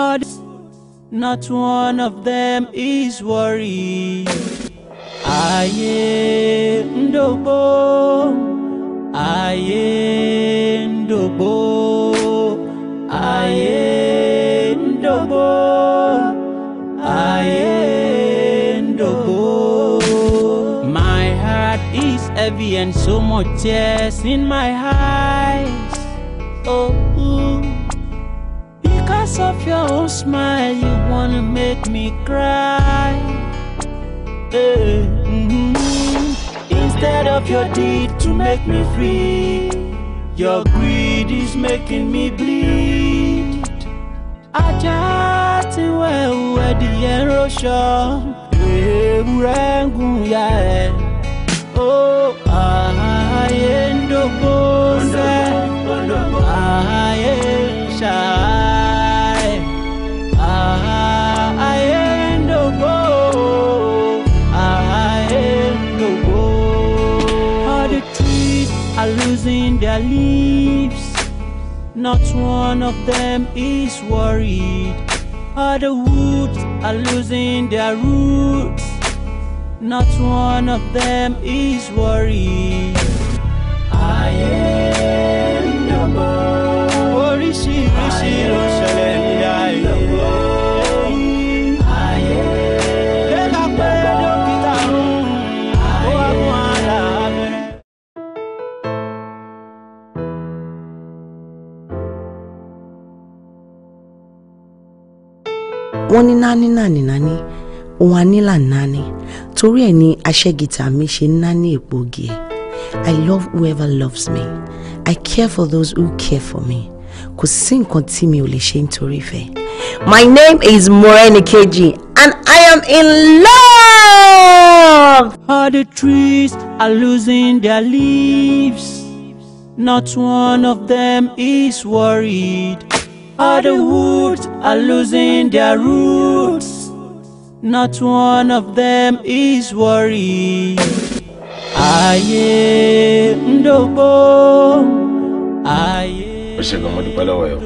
hard. Not one of them is worried. Ayé ń dògbò, ayé ń dògbò, ayé ń dògbò, My heart is heavy and so much tears in my eyes. Oh. Oh, smile, you wanna make me cry. Eh, mm-hmm. Instead of your deed to make me free, your greed is making me bleed. Ajá ti wẹ̀ the erosion, rọ́ṣọ́, èèwù rẹ̀ ń gùn yá I Ó ààyè ń dógbó sẹ́, ààyè ń their lips. Not one of them is worried. Other woods are losing their roots. Not one of them is worried. I am number. Oríṣiríṣi ló ṣe. nání nàní nání òun anílà nání torí ẹ̀ ni aṣẹ́gìtà mi ṣe nání ègbògi ẹ̀ I love whoever loves me I care for those who care for me kò sí nǹkan tí mi ò lè ṣe nítorí ìfẹ́. My name is Morenikeji and I am in love. All the trees are losing their leaves. Not one of them is worried the hardwoods are losing their roots. Not one of them is worried. Ayé ń dògbò. Ayé ń dògbò. Ó ṣe gan mo dúpẹ́ lọ́wọ́ ẹ̀ o.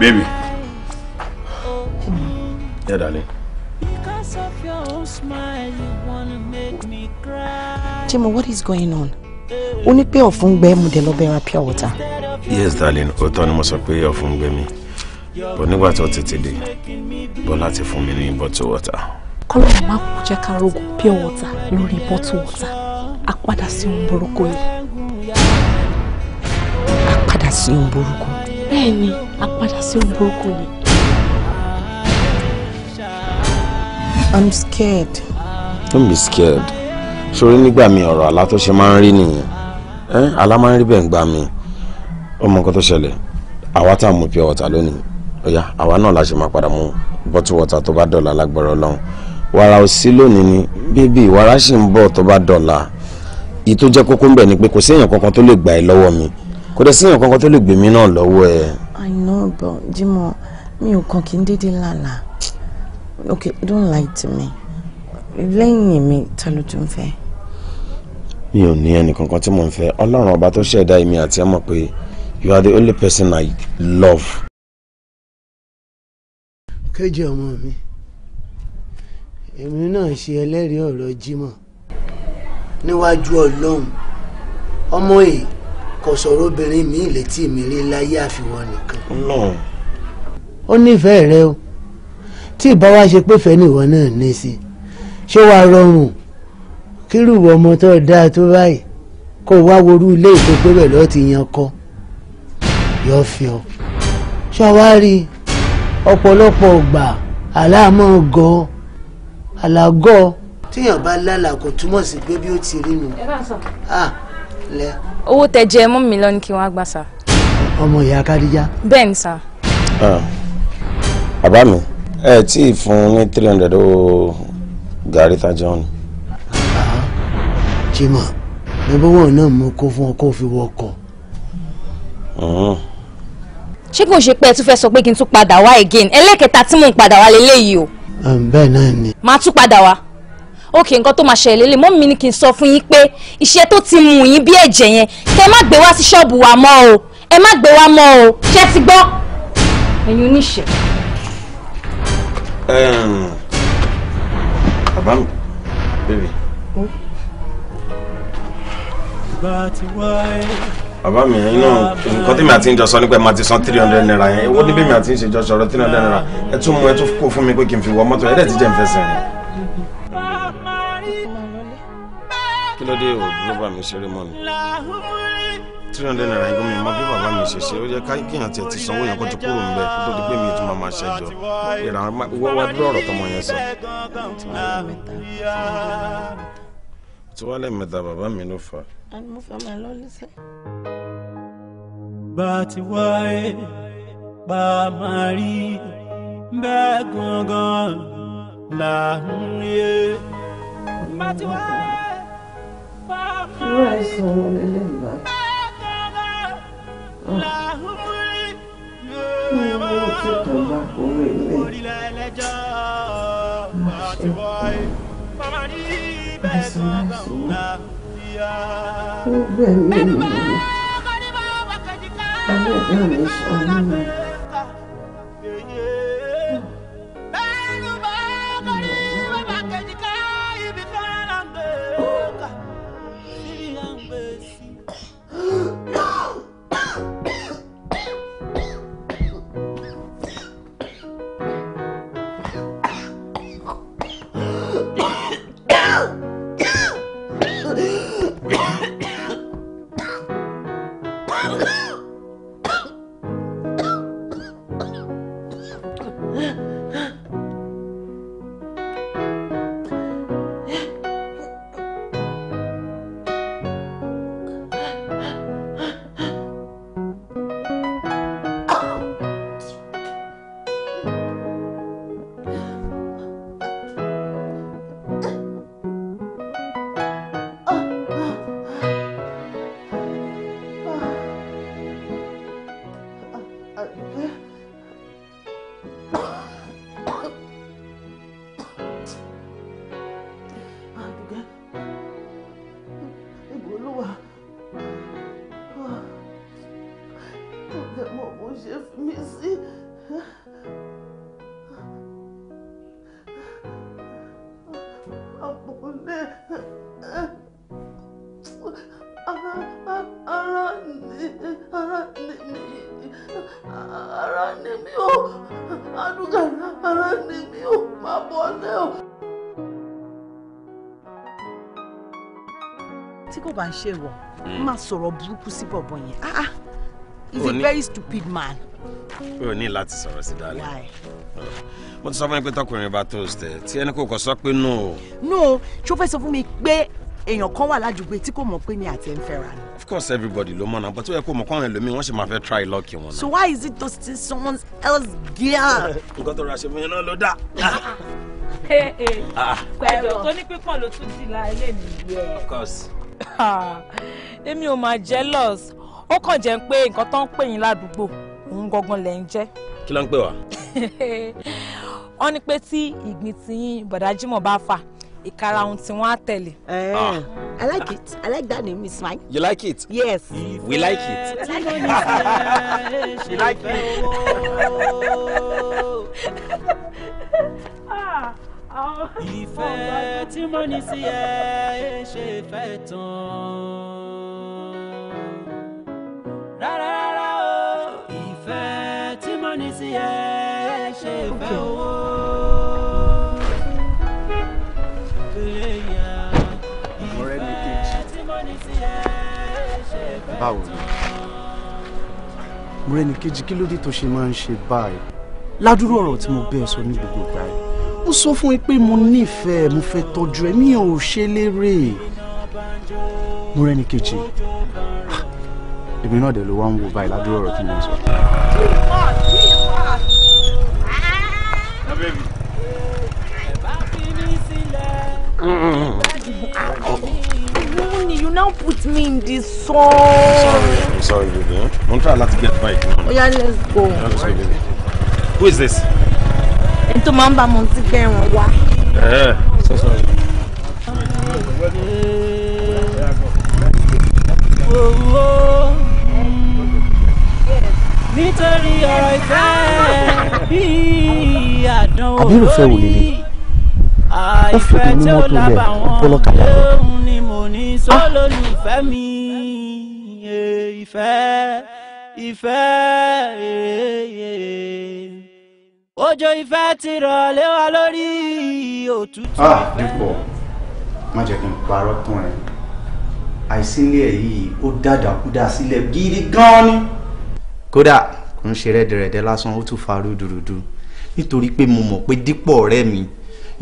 Baby. Yeah, darling. Because of your own smile, you wanna make me cry. Timo, what is going on? O ní pé ọ̀fun gbẹ pure water. Yes, darling, òótọ́ ni mo sọ pé ọ̀fun gbẹ mi. Bọ̀ nígbà tó tètè dé, Bọ́lá ti fún bottle water. Kọ́lọ́mù má kú jẹ́ pure water lórí bottle water. A padà sí ohun burúkú ni. A padà sí ohun burúkú. a padà sí ohun I'm scared. Don't be scared. Ṣorí nígbà mi ọ̀rọ̀ àlá tó ṣe máa ń rí nìyẹn. Àlá máa ń rí bẹ́ẹ̀ gbà mí. Ọmọ nǹkan tó ṣẹlẹ̀, àwa tá a mú pure water lónìí. Ọ̀yá àwa náà la ṣe máa padà mú bottle water tó bá dọ̀la lágbára Ọlọ́run. Wàrà ò sí lónìí ni bébì wàrà ṣì ń bọ̀ tó bá dọ̀la. Ìyí tó jẹ́ kókó ń bẹ̀ ni pé kò sí èèyàn kankan tó lè gbà ẹ́ lọ́wọ́ mi. Kò dẹ̀ sí èèyàn I know but Jimoh mi ò kàn okay don't lie to me lẹ́yìn mi ta ló tún fẹ́. mi ò ní ẹnìkankan tí mò ń fẹ́ ọlọ́run ọba tó ṣẹ̀dá èmi àti ẹ̀ mọ̀ pé you are the only person I love. kéjì ọmọ mi èmi náà ṣe ẹlẹ́rìí ọ̀rọ̀ Jímọ̀ níwájú ọlọ́run ọmọ yìí kò sọ̀rọ̀ obìnrin mi létí mi rí láyé àfiwọ́ nìkan. ó nífẹ̀ẹ́ rẹ o. No tí ìbá wa ṣe pé fẹ́ẹ́ nìwọ náà ní sí ṣé wàá rọrùn kírùwọ ọmọ tó dáa tó báyìí kó wá worú ilé ìtòpé rẹ̀ lọ́ọ́ ti yan kọ́ yọ fi ọ ṣàwárí ọ̀pọ̀lọpọ̀ ọgbà aláàmọ́ gọ alágọ́ tíyàn bá lálà kò túmọ̀ sí pé bí ó ti rí nu. owó tẹ jẹ mú mi lọ ni kí wọn gbà sá. ọmọ ìyá kádíjá. bẹ́ẹ̀ ni sá. bàbá mi ẹ tí ì fún ní three hundred owó gàrí tájọ ni. jimá bẹ́ẹ̀ wọn náà mú kó fún ọ kó fi wọ ọkọ̀. Mm-hmm. ṣé kò ṣe pé ẹ tún fẹ́ sọ pé kí n tún padà wá again ẹlẹ́kẹta tí mò ń padà wá lélẹ́yìí o. bẹ́ẹ̀ náà ni. màá tún padà wá ok nǹkan tó máa ṣẹlẹ̀ lè mọ́ mi ni kí n sọ fún yín pé iṣẹ́ tó ti mú yín bí ẹ̀jẹ̀ yẹn kẹ́ ẹ má gbé wá sí ṣọ́ọ̀bù wa mọ́ o ẹ má gbé wá mọ́ o ṣé ti gbọ́ ẹ̀yin oníṣẹ́. Abang, baby. bèbè. bàbá mi yẹn inú nǹkan tí mi àti ń jọ sọ nípa ẹ̀ máa ti san three hundred naira yẹn owó níbi mi àti ń ṣe jọ sọ̀rọ̀ three hundred naira ẹ tún mú ẹ tún kó fún mi pé kí n fi wọ mọ́tò ẹ̀ dẹ̀ ti jẹ́ nfẹ́ sẹ́yìn. kí ló dé òbí bàbá mi ṣeré mọ́ three hundred naira ìgbọ́n mi mọ bí bàbá mi ṣe ṣe ó yẹ kíyàn tiẹ̀ ti sanwó yẹn kó ti kúrò níbẹ̀ kó tó di pé mi tún máa máa ṣẹjọ ìrà wá dúró ọ̀rọ̀ tọmọ yẹn sọ. tí wàá bàbá mi ló fà. bá a ti wáyé bá a máa rí bẹ́ẹ̀ gangan là ń yé. bá a ti wáyé bá a máa rí. irú àìsàn wo lélẹ́yìn báyìí. Oh bá kọ́ni bá wà kàjíkà. Ẹ̀rọ ìdáhùn ìṣòro náà. ní mi o àdúgbò ara ní mi o máa bọ̀ lé o. tí kò bá ń ṣe wọ hmm. má sọ̀rọ̀ burúkú sí bọ̀bọ̀ yẹn ah, ah. he's a very stupid man. o ní láti sọ̀rọ̀ sí dálé mo ti sọ fún mi pé tọkùnrin bá toast ẹ tí ẹni kò kọ sọ pé no. no ṣó fẹ́ sọ fún mi pé èèyàn kan wà lájùgbé tí kò mọ̀ pé mi àti ẹ̀ ń fẹ́ra ni. of course everybody ló mọ̀ náà but ó yẹ kó mọ̀ kọ́rin ẹlòmíì wọ́n sì máa fẹ́ try luck wọn. so why is it to steal someone else's girl. nǹkan tó ra ṣe fún yín náà ló dà. Ah. pẹ̀lú tó ní pípọ̀ ló tún ti la ilé mi yẹ. of course. Ah. èmi ò máa jealous ó kàn jẹ́ pé nǹkan tó ń pè yín ládùúgbò òun gangan lẹ̀ ń jẹ́. kí ló ń pè wá. wọ́n ní pé tí ìgbín tiyín bọ̀dájímọ̀ bá fà ìkarahun tí wọ́n á tẹ̀lé. Eh. Ah. I like it. I like that name. It's fine. You like it? Yes. We like it. We like it. Ah, ah. ìfẹ́ tí mo ní sí ẹ ṣe fẹ́ tán. rárá rárá o ìfẹ́ tí mo ní sí ẹ ṣe fẹ́ o. báwo ni mọ̀rẹ́ni kejì kí ló dé tó ṣe máa ń ṣe báyìí ládùúrú ọ̀rọ̀ tí mo bẹ́ẹ̀ sọ ní gbogbo ìgbà yìí mo sọ fún yín pé mo nífẹ̀ẹ́ mo fẹ́ tọ́jú ẹ mi ò ṣe lérè mọ̀rẹ́ni kejì èmi náà dẹ̀ ló wá ń wo báyìí ládùúrú ọ̀rọ̀ tí mo sọ. Mm-mm. Honey, you now put me in this song. Sorry, I'm sorry, baby. I'm trying not to get back. Oh, yeah, let's go. Yeah, let's go, baby. Who is this? Into Mamba Montigern. Wow. Eh, so sorry. nítorí ọ̀rọ̀ ìfẹ́ bí àdánwò lórí àìfẹ́ tí ó lábàwọ́n lóhùn sólólùfẹ́ mi e, ìfẹ́ ìfẹ́ òjò e, e. ìfẹ́ ti rọ̀ lé wa lórí òtútù. ah dípò má jẹ́ kí n parọ́ tán ẹ̀ àìsílẹ̀ ẹ̀ yìí ó dàdàkúdà sílẹ̀ gidi gan-an ni. kódà kò ń ṣe rẹ́dẹ̀rẹ́dẹ́ lásán ó tún farú dùrùdù nítorí pé mo mọ̀ pé dípò ọ̀rẹ́ mi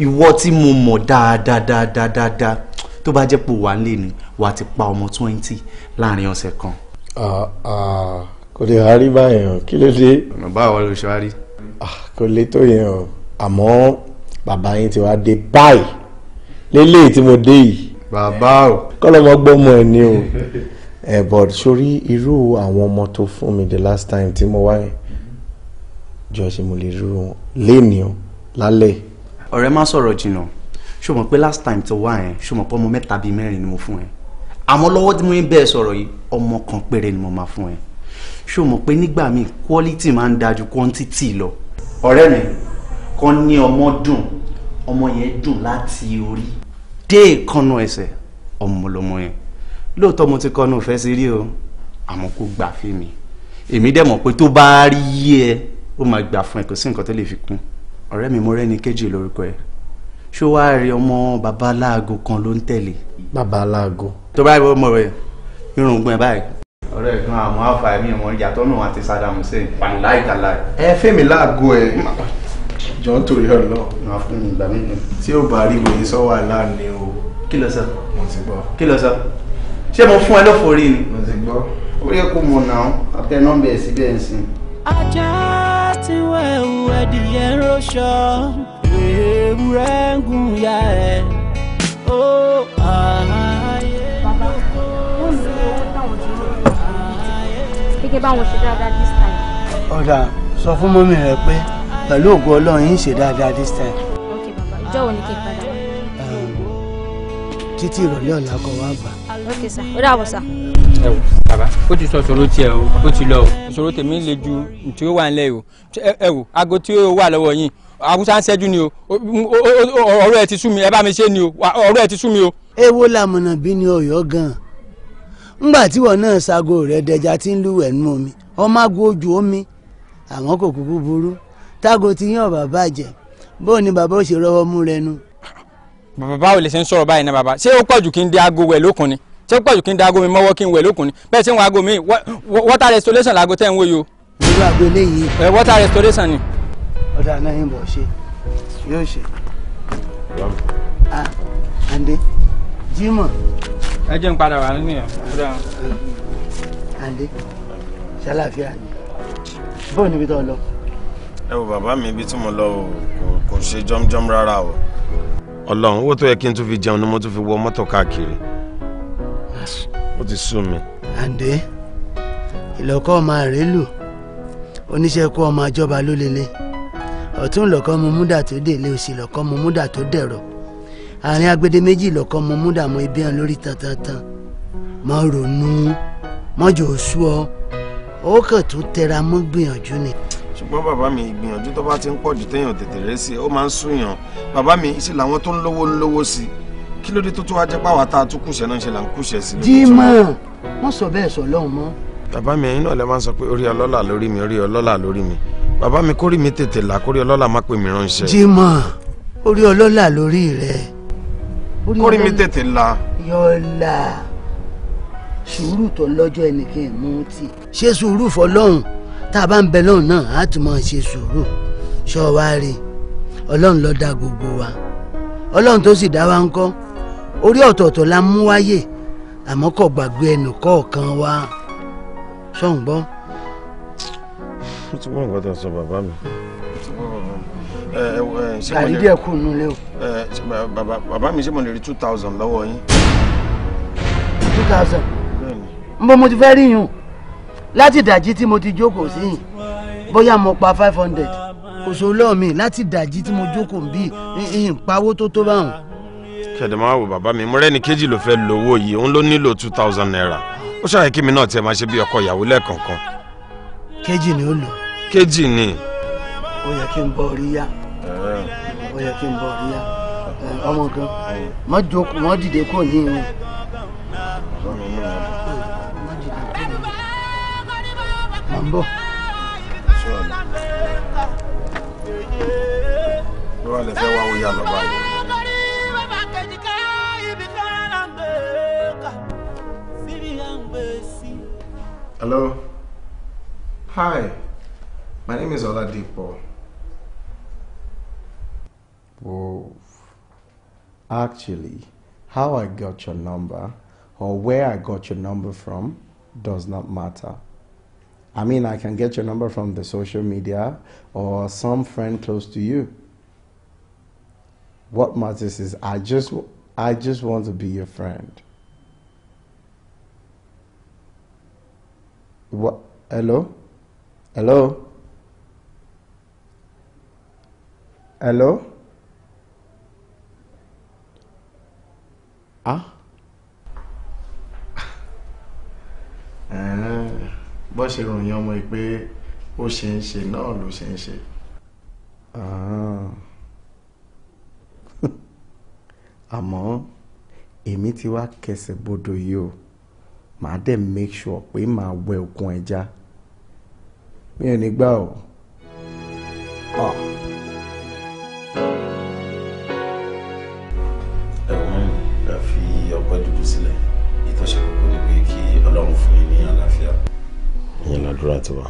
ìwọ tí mo mọ̀ dáadáa dáadáa dáadáa tó bá jẹ́ pò wá ń lè ní wà á ti pa ọmọ twenty láàrin ọ̀sẹ̀ kan. kò lè rárí báyẹn o kí ló dé. ọ̀nà báwo ló ṣe wá rí. kò lè tó yẹn o àmọ́ bàbá yín ti wá dé báyìí lélẹ́yìí tí mo dé yìí. bàbá o. kọ́lọ́mọ gbọ́mọ ẹ̀ ni o ẹ̀ eh, but sórí irú àwọn ọmọ tó fún mi the last time tí mo wá yẹn jọ ṣe mo lè rú wọn léènì o lálẹ́. ọ̀rẹ́ má sọ̀rọ̀ jìnnà ṣó mọ̀ pé last time tó wá yẹn ṣó mọ̀ pé ọmọ mẹ́ta bíi mẹ́rin ni mo fún ẹ àmọ́ lọ́wọ́ tí mo ń bẹ́ẹ̀ sọ̀rọ̀ yìí ọmọ kan péré ni mo máa fún ẹ ṣó mọ̀ pé nígbà míì quality máa ń dájú quantity lọ. ọ̀rẹ́ mi kan ní ọmọ dùn ọmọ yẹn dùn láti orí dé ìkànnà ẹsẹ̀ ọmọ lọmọ yẹn lóòótọ́ mo ti kọ́nu ìfẹ́ sí rí o àmọ́ kò gbà fún mi èmi dẹ̀ mọ̀ pé tó bá rí yé ẹ ó máa gbà fún ẹ kò sí nǹkan tó lè fi kún ọ̀rẹ́ mi mo rẹ́ni kejì lórúkọ ẹ ṣó wá rí ọmọ bàbá aláàgọ kan ló ń tẹ̀lé. bàbá aláàgọ. tó bá yọ ọmọ rẹ irun gbọn báyìí. ọ̀rẹ́ ẹ̀ gan àmọ́ àfàì mi ìmọ̀ ìyàtọ̀ náà àti Saddam Hussein wàláì tàláì. ẹ fẹ́mi láàgọ ẹ jọ ń torí ọ lọ. máa fún mi ìgbà mímu. tí ó bá rí wòye sọ wà láàánú o. kí ló sọ. mo ti gbọ́. kí ló sọ. ṣé mo fún ẹ lọ́fọ̀ọ́ rí ni. mo ti gbọ́. ó yẹ kó mọ̀ náà àtẹ nọ́mbà ẹ̀ síbẹ̀ ń sìn. ajá ti wẹ̀ wẹ̀ dìyẹ rọ́ṣọ́ ewúrẹ́ ń ọ̀dà sọ fún mọ́mí rẹ pé pẹ̀lú ògo ọlọ́run yìí ṣe dáadáa this time. ok bàbá ìjọ wo ni kí n padà wá. títí ìrọ̀lẹ́ ọ̀la kan wá gbà. ok sà ó dà wọ̀ sà. ẹ wò bàbá ó ti sọ ìṣòro tiẹ̀ o ó ti lọ o ìṣòro tèmi le ju tí ó wà nílẹ̀ o ẹ wò aago tí ó wà lọ́wọ́ yín àbúṣà ń ṣẹ́jú ni o ọ̀rọ̀ ẹ ti sú mi ẹ bá mi ṣe ni o ọ̀rọ̀ ẹ ti sú mi o. ẹ wo làmùnà bí ni ọyọ gan-an ngbà tí wọn náà ṣaago rẹ dẹja tí ń lúwẹ̀ nú omi ọmọ àgọ ojú omi àmọ́ kò kúkú burú tágo ti yàn bàbá jẹ bó ni bàbá ó ṣe rọwọ́ mú rẹ nu. bàbá báwo lè ṣe ń sọ̀rọ̀ báyìí náà bàbá ṣé ó pọ̀jù kí n di aago wẹ̀ lókun ni ṣé ó pọ̀jù kí n di aago mi mọ́wọ́ kí n wẹ̀ lókun ni bẹ́ẹ̀ ṣé ń wọ aago mi water restoration laago tẹ́ ń wò yìí o. irú aago eléyìí. water restoration ni ọ̀dà náà yìnbọn ṣe yóò ṣe. Ah, àǹdé Jímọ̀. ẹ jẹ́ ń padà wá nínú yẹn. àǹdé ṣàlàáfíà ni bóun níbi tó lọ. ẹ wo bàbá mi ibi tí mo lọ kò ṣe jọmjọm rárá o. Ọlọ́run owó tó yẹ kí n tún fi jẹun ni mo tún fi wọ mọ́tò káàkiri ó ti sú mi. àǹdé ìlọ́kọ́ ọmọ rẹ̀ lù oníṣẹ́ kó ọmọ àjọba ló lélẹ̀ ọ̀tún lọ̀kọ́ mu múdà tó délé òsì lọ̀kọ́ mu múdà tó dẹ̀rọ̀ àárín agbede méjì lọ̀kọ́ mu múdà mọ ibi hàn lórí tantantan má ronú mọ́jọ oṣù ọ ó tó tẹra mọ́ gbìyànjú ni. ṣùgbọ́n bàbá mi ìgbìyànjú tó bá ti ń pọ̀ jù téèyàn tètè rẹ́ sí i ó máa ń súyàn bàbá mi ìṣe làwọn tó ń lówó ń lówó sí i kí ló dé tó tó wá jẹ́ pàwọ́ tá a tún náà ṣe là ń kùsẹ̀ sí i. dìímọ̀ wọ́n sọ bẹ́ẹ̀ sọ lọ́hùn mọ́ bàbá mi ẹ̀yin náà lè máa ń sọ pé orí ọlọ́lá lórí mi orí ọlọ́lá lórí mi bàbá mi kórìí mi tètè là kórìí ọlọ́lá má pè mí ránṣẹ́. Jímọ̀ orí ọlọ́lá lórí rẹ. kórìí mi tètè là. yọ̀ọ̀la sùúrù tó lọ́jọ́ ẹnìkan mú ti. ṣé sùúrù fọlọ́hún tá a bá ń bẹ lọ́hún náà á tún máa ṣe sùúrù ṣọ ọlọ́run ló dá gbogbo wa ọlọ́run tó sì dá wa ńkọ́ orí ọ̀tọ̀ọ̀tọ̀ la mú wáyé àmọ́ kò gbàgbé ẹnì kọ̀ọ̀kan wa ṣọ́hùn gbọ́. ó ti gbọ́n nǹkan tó sọ bàbá mi. gàrí díẹ̀ kù nù lé o. bàbá mi ṣé mo lè rí two thousand lọ́wọ́ yín. two thousand. mo mo ti fẹ́ rí yùn láti ìdajì tí mo ti jókòó sí yìí bóyá mo pa five hundred òṣò lọ́ọ̀mì láti ìdajì tí mo jókòó ń bí ìhìn pawó tó tó báwọn. kẹ̀dẹ̀ máa wò bàbá mi mo rẹ́ni kejì ló fẹ́ lówó yìí òun ló nílò two thousand naira ó ṣàyẹ kí mi náà tiẹ̀ máa ṣe bí ọkọ ìyàwó lẹ́ẹ̀kọ̀ọ̀kan. kejì ni ó lò. kejì ni. ó yẹ kí n bọ orí yá ó yẹ kí n bọ orí yá ọmọ gan má jókòó má dìde kò ní ìwé. mà ń bọ̀. ló wà lè fẹ́ wá wíyá lọ́ba yìí. Hello? Hi, my name is Oladipo. Whoa. Actually, how I got your number or where I got your number from does not matter. I mean, I can get your number from the social media or some friend close to you. What matters is I just, I just want to be your friend. hello hello hello ah bó ṣe ròyìn ọmọ yìí pé ó ṣe ń ṣe náà ló ṣe ń ṣe. Ah. àmọ́ èmi ti wá kẹsẹ̀ bodò yìí o màá dẹ̀ make sure pé màá wẹ òkun ẹja mi ò ní gbà o. Ah. ẹ̀wọ̀n ẹ fi ọgbẹ́ dúdú sílẹ̀ ìtọ́sẹ̀ kókó ni pé kí ọlọ́run fún yín ní àlàáfíà. ìyẹn làdúrà tiwa.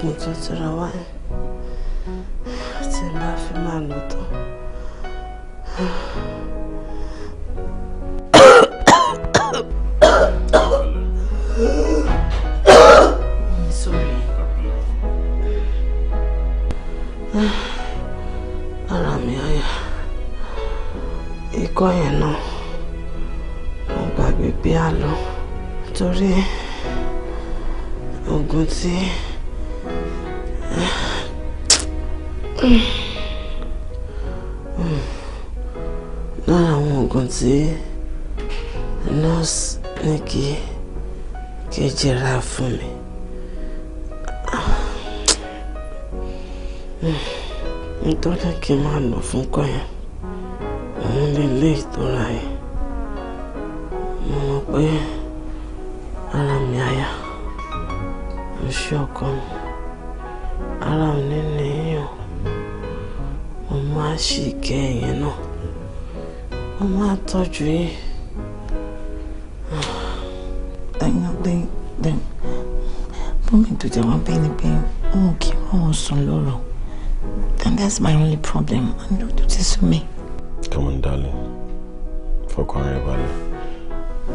gbogbo tó tira wáyé. tó ní kí n máa lò fún kọ́ yẹn òun lè lé ìtura yìí mo mọ̀ pé ara mi àyà mo ṣe ọkọ mi ara mi nínú èèyàn mo máa ṣì kẹ́ ẹ̀yìn náà mo máa tọ́jú yín. Then, then, bómi ìdòjà wọn bẹ́ẹ̀ ni pé wọn kì í rán wọn sùn lọ́rùn. And that's my only problem. And do this to me. Come on, darling. For rẹ balẹ̀.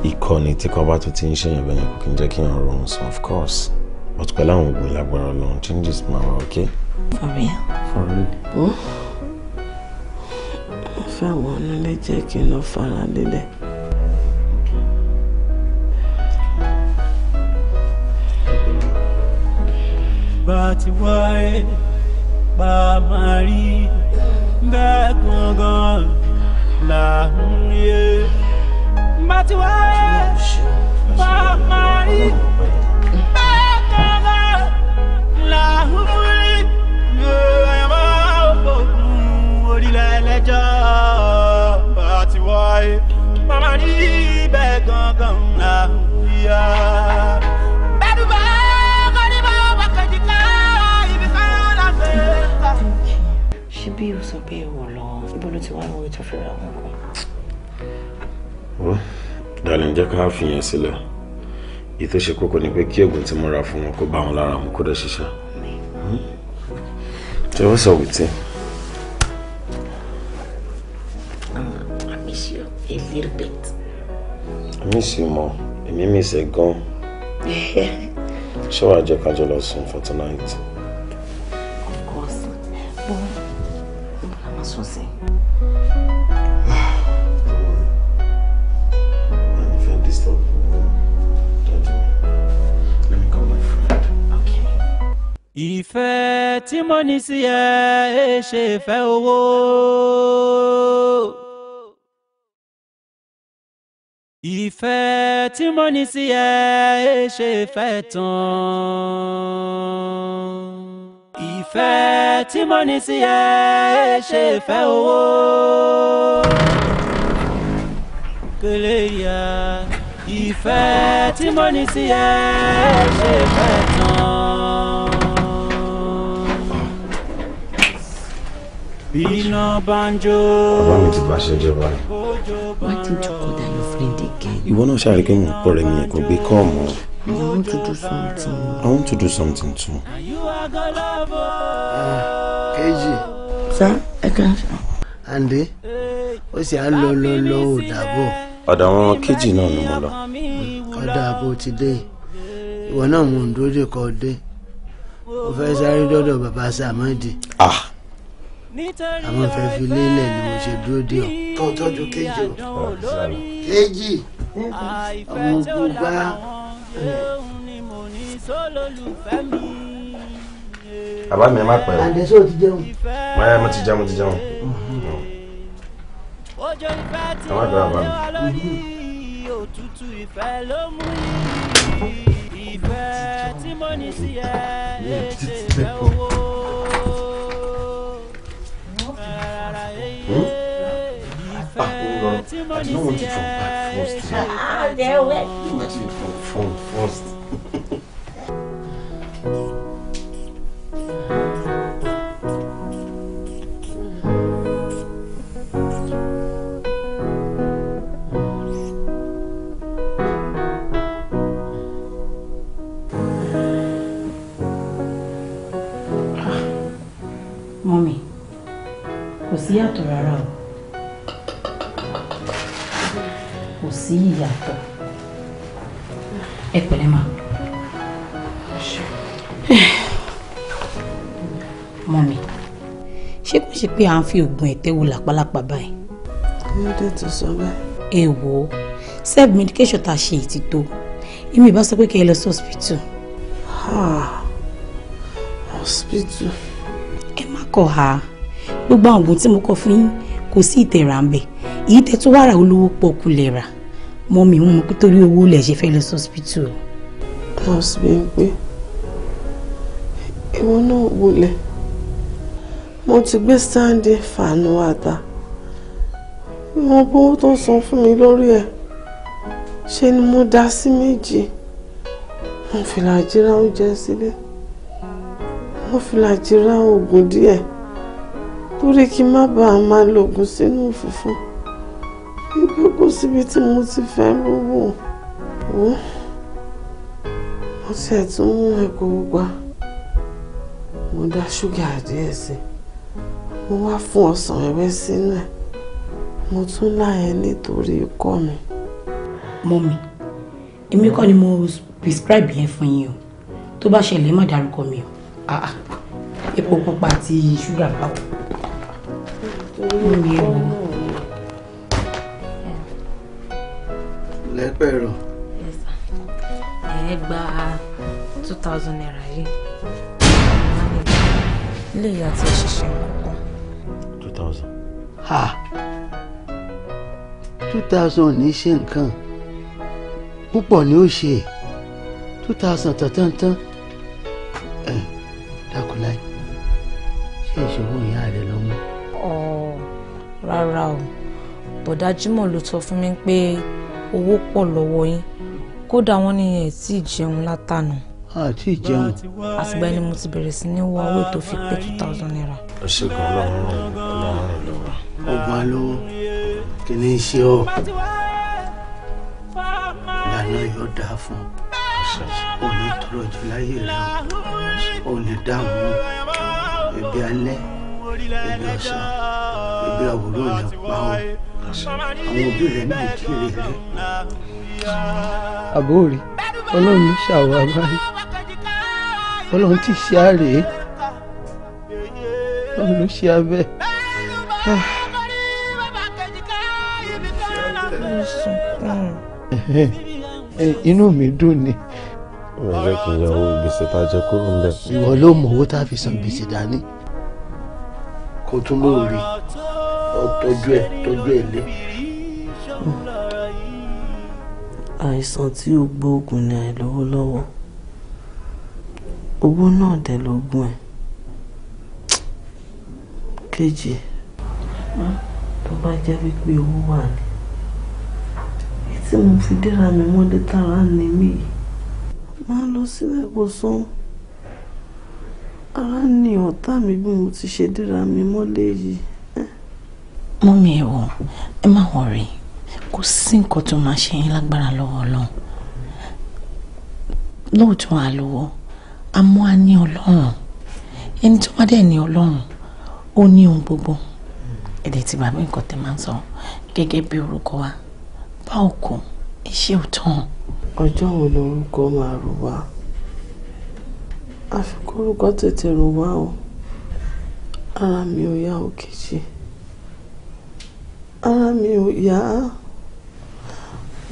Ìkọ́ni tí kò bá tún ti ń ṣèyàn bẹ́ẹ̀ yẹn kò kí n jẹ́ kí n of course. But pẹ̀lú àwọn oògùn ìlágbára Ọlọ́run changes máa wà, okay? For real. For real. Mo If I lé jẹ́ kí n lọ fara lélẹ̀. But why? pa máa rí bẹ́ẹ̀ gangan là ń yé. bá ti wáyé pa máa rí bẹ́ẹ̀ gangan là ń rí. èèyàn orílẹ̀ ẹlẹ́jọ́ bá ti wáyé pa gangan là ń bí o sọ pé o lọ ibo ló ti wá lọ́wọ́ tó fi wọn kọ. dalẹ̀ ń jẹ́ ká fi yẹn sílẹ̀ èyí tó ṣe kókó ni pé kí oògùn tí mo ra fún wọn kó bá wọn lára mu kó ṣiṣẹ́. Hmm? ṣé wọ́n sọ wìtí. Hmm, I miss you a little bit. miss you more èmi miss ẹ gan-an ṣé wàá jẹ́ ká jọ lọ sùn for tonight. ìfẹ́ tí mo ní sí ẹ ẹ ṣe fẹ́ owó. ìfẹ́ tí mo ní sí ẹ ẹ ṣe fẹ́ tán. ìfẹ́ tí mo ní sí ẹ ẹ ṣe fẹ́ owó. kele ìfẹ́ tí mo ní sí ẹ ẹ ṣe fẹ́ tán. bíná banjo. bàbá mi ti your friend again. ìwọ náà ṣàrí pé mo ń pọ̀ rẹ̀ mi ẹ̀kọ́ I want to do something. I want to do something too. kejì. sá ẹ kàn sá. àǹdí ó sì á lọ lọ lọ ò dàbọ̀. ọ̀dọ̀ àwọn kejì náà ni mo lọ. Hmm, ọ̀dà àbò ti dé ìwọ náà mò ń dúró dè kọ́ dé mo fẹ́ sáré dọ́dọ̀ bàbá sàmọ́dì. ah àwọn fẹ́ fi lélẹ̀ ni mo ṣe dúró dé ọ. tó tọ́jú kejì o kejì ọmọ gbogbo a. bàbá mi má pẹ́ o. àdẹ́sọ́ ti jẹun. máyà mo ti jẹun mo ti jẹun. àwọn àgbà mm-hmm. bàbá mi. Mm-hmm. òtútù ìfẹ́ ló mú yìí ìfẹ́ tí mo ní sí ẹ ẹ ṣe fẹ́ owó. I did not want it from back first. Ah, there we go. I did from front first. Mommy, was sí yàtọ̀ rárá o. sí ìyàtọ̀ ẹ pẹ̀lẹ́ mà. mọ mi ṣé kò ṣe pé à ń fi oògùn ẹ̀tẹ́ wo làpálàpá báyìí. kí ló dé tó sọ bẹ́ẹ̀. ẹ wò ó self medication tá a ṣe ti tó èmi ìbá sọ pé kí ẹ lọ sí hospital. Ah, hospital. ẹ má kọ̀ ha gbogbo àwọn oògùn tí mo kọ fún yín kò sí ìtẹ̀ra ń bẹ̀ èyí tẹ́ tó wàrà olówó pọ̀ kulẹ̀ rà mọ́mì mo mọ̀ pé torí owó lẹ̀ ṣe fẹ́ lọ sọ́sìpítù. nurse bíi pé ìwọ náà wọlé mo ti gbé standing fàánù àtà ìwọ̀n bówó tó san fún mi lórí ẹ̀ ṣe ni mo dá sí méjì mo fìlà jíra oúnjẹ sílé mo fìlà jíra oògùn díẹ̀ torí kí n má bàa máa lo oògùn sínú òfúfú ibi kò síbi tí mo ti fẹ́ lówó ó mo tiẹ̀ tún mú ẹ̀kọ́ gbà mo dá ṣúgà díẹ̀ sí mo wá fún ọsàn ẹ̀wẹ́ sínú ẹ̀ mo tún láyẹn nítorí ikọ́ mi. mọ́mi èmi kọ́ ni mo prescribe yẹn fún yín o tó bá ṣẹlẹ̀ má dárúkọ mi o ah, ah. epo pupa àti ṣúgà papọ̀. mọ́mi ẹ̀ wò ó. lẹ́pẹ̀rọ. ẹ gba two thousand naira yìí ilé ìyá àti ìṣiṣẹ́ kọ̀ọ̀kan. two thousand. ha two thousand ní ṣe nǹkan púpọ̀ ni ó ṣe two thousand tọ̀tọ̀ntán ẹ dákúláì ṣé ìṣòro ìyá rẹ lọ mú. ọ̀ rárá o bọ̀dá Jímọ̀ ló sọ fún mi pé. Pe owó pọ̀ lọ́wọ́ yín kódà wọ́n ní ẹ̀ tí ì jẹun látànà. àti ìjẹun. àtìgbà ni mo ti bẹ̀rẹ̀ sí ní wá owó tó fi pé two thousand naira. ọ̀ṣẹ́gun ọlọ́run ọlọ́run rẹ̀ lọ́wọ́. ó gbà lọ́wọ́ kí ni í ṣe ọ́ ìlànà yóò dáa fún ọ ní tọrọ jù láyé rẹ ọ ní dáhùn ẹbí alẹ́ ẹbí ọ̀sán ẹbí àwòrán ò ní pa ọ àwọn òbí rẹ̀ ní ìdílé rẹ̀. àbórí ọlọ́run ṣàwọ̀ àbáyé ọlọ́run ti ṣe àárẹ̀ ọlọ́run ṣe abẹ́. inú mi dùn ni. mi jẹ́ kí ìyàwó gbèsè tá a jẹ kúrò ń bẹ̀. ìwọ ló mọ owó tá a fi san gbèsè dání kó tún lóore tọ́jú ẹ̀ tọ́jú ẹ̀ lé. àìsàn tí ó gbóògùn ni àìlówólọ́wọ́ owó náà dẹ̀ ló gún ẹ̀ kejì tó bá jẹ́ wípé owó wà ní tí mo fi dẹ́ra mi mọ́lé tára ni mí yìí máa lọ sílẹ̀ kó sán ara ni ọ̀tá mi bí mo ti ṣe dẹ́ra mi mọ́lé yìí mọ́mí ẹ wò ẹ má wọ̀rì kò sí nǹkan tó máa ṣe yín lágbára lọ́wọ́ ọlọ́run lóòótọ́ àlówó àmọ́ a ní ọlọ́run ẹni tó bá dẹ̀ ní ọlọ́run ó ní ohun gbogbo èdè tí bàbá nǹkan tẹ máa ń sọ gẹ́gẹ́ bí orúkọ wa bá òkú iṣẹ́ ò tán. ọjọ́ wo lorúkọ máa rò wá àfikún orúkọ tètè rò wá o ara mi ò yá òkèjì ara mi ò yá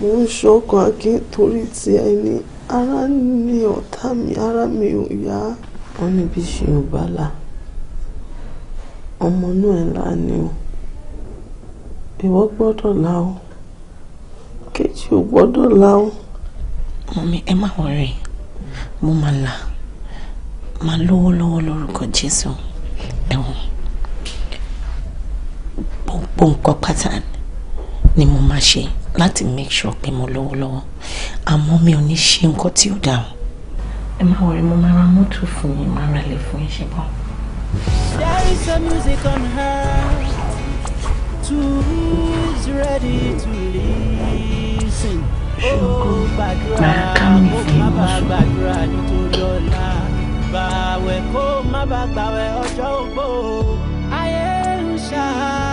mò ń ṣọkọ akin torí ti ẹni ara ni ọ̀tá mi ara mi ò yá. wọ́n ní bí ṣe ò bá là ọmọ náà là ni o ìwọ gbọ́dọ̀ là o kejì ò gbọ́dọ̀ là o. mọ̀mí ẹ má wọ̀rẹ́ mo máa là máa lówó lọ́wọ́ lórúkọ jésù ẹ̀wọ̀n gbogbo pátá ni mo máa ṣe láti make sure pé mo lówó àmọ́ mi ò ní ṣe nǹkan tí ò dáa. ẹ má wọrí mo máa ra mọ́tò fún yín máa ra ilẹ̀ fún yín bọ́. There is a music on high to is ready to listen. ṣùgbọ́n oh, máa ká mi fi mọ́ sùn. bàwẹ̀ kó má bàa gbàwẹ̀ ọjọ́ ogbó ayé ń ṣáà.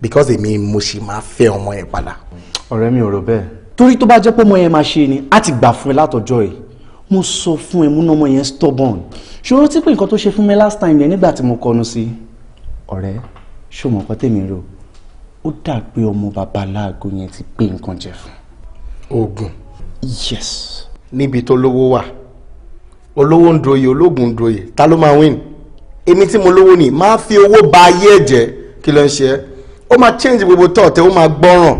because èmi mo ṣì máa fẹ́ ọmọ yẹn padà. ọ̀rẹ́ mi ò rò bẹ́ẹ̀. torí tó bá jẹ́ pé ọmọ yẹn máa ṣe ni á ti gbà fún ẹ látọjọ́ yìí mo sọ fún ẹ múná ọmọ yẹn stubborn ṣòro tí pé nǹkan tó ṣe fún mi last time yẹn nígbà tí mo kọnu sí i ọ̀rẹ́ ṣòmọ̀ kan tèmi rò ó dà pé ọmọ babaláàgó yẹn ti pé nǹkan jẹ fún. oògùn. yes. níbi tó lówó wà olówó ń doyè ológun ń doyè ta ló máa win èmi tí mo lówó ni máa fi owó ba ayé ẹ̀ kí ló ń ṣe é ó máa change gbogbo tọ̀tẹ̀ ó máa gbọ́ràn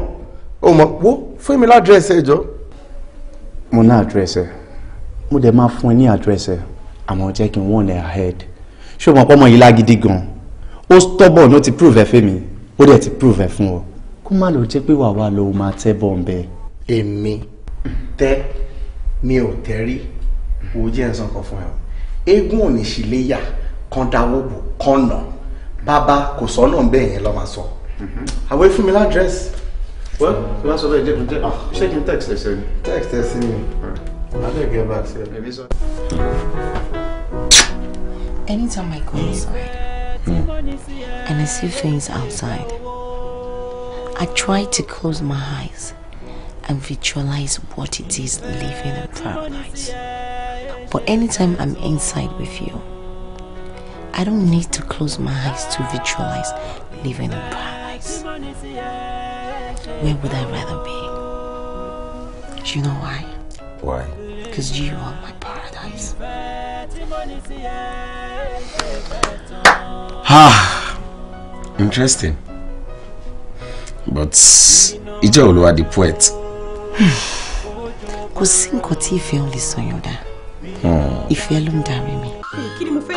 ó mọ̀ wo fún mi ládírẹ́sì ẹ jọ. mo ní àdírẹ́sì mo dẹ̀ máa fún ẹ ní àdírẹ́sì àmọ́ jẹ́ kí n wọ́n ní ahead ṣé o mọ̀ pọ́nmọ́ yìí lágídí gan-an ó stubborn ó ti prove ẹ fún mi ó dẹ̀ ti prove ẹ fún ọ kó má lọ jẹ́ pé wàá lọ máa tẹ́ bọ̀ ń èmi tẹ́ mi ò tẹ́ rí wo jẹ́ nsán fún ẹ o eégún ò ní ṣì léyà kan dáwọ́ bò kan nà bàbá kò sọ́nà bẹ́ẹ̀ yẹn lọ́ máa sọ. So àwọn efúnmi ládírẹ́sì. wọ́n ti wá sọ fẹ́ jẹ́ jẹ́ ṣé kí n text ẹsẹ̀ ni. text ẹsẹ̀ ni má lè gẹ́ back sí ẹ. Anytime I go inside mm. and I see things outside, I try to close my eyes and visualize what it is living in paradise. But anytime I'm inside with you, I don't need to close my eyes to visualize living in paradise. where would I rather be? Do you know why? Why? Because you are my paradise. Ah, interesting. But Ija Oluwa the poet. Hmm. Kò sí nǹkan tí ìfẹ́ ò lè sọ yọ̀dá. Hmm. mi.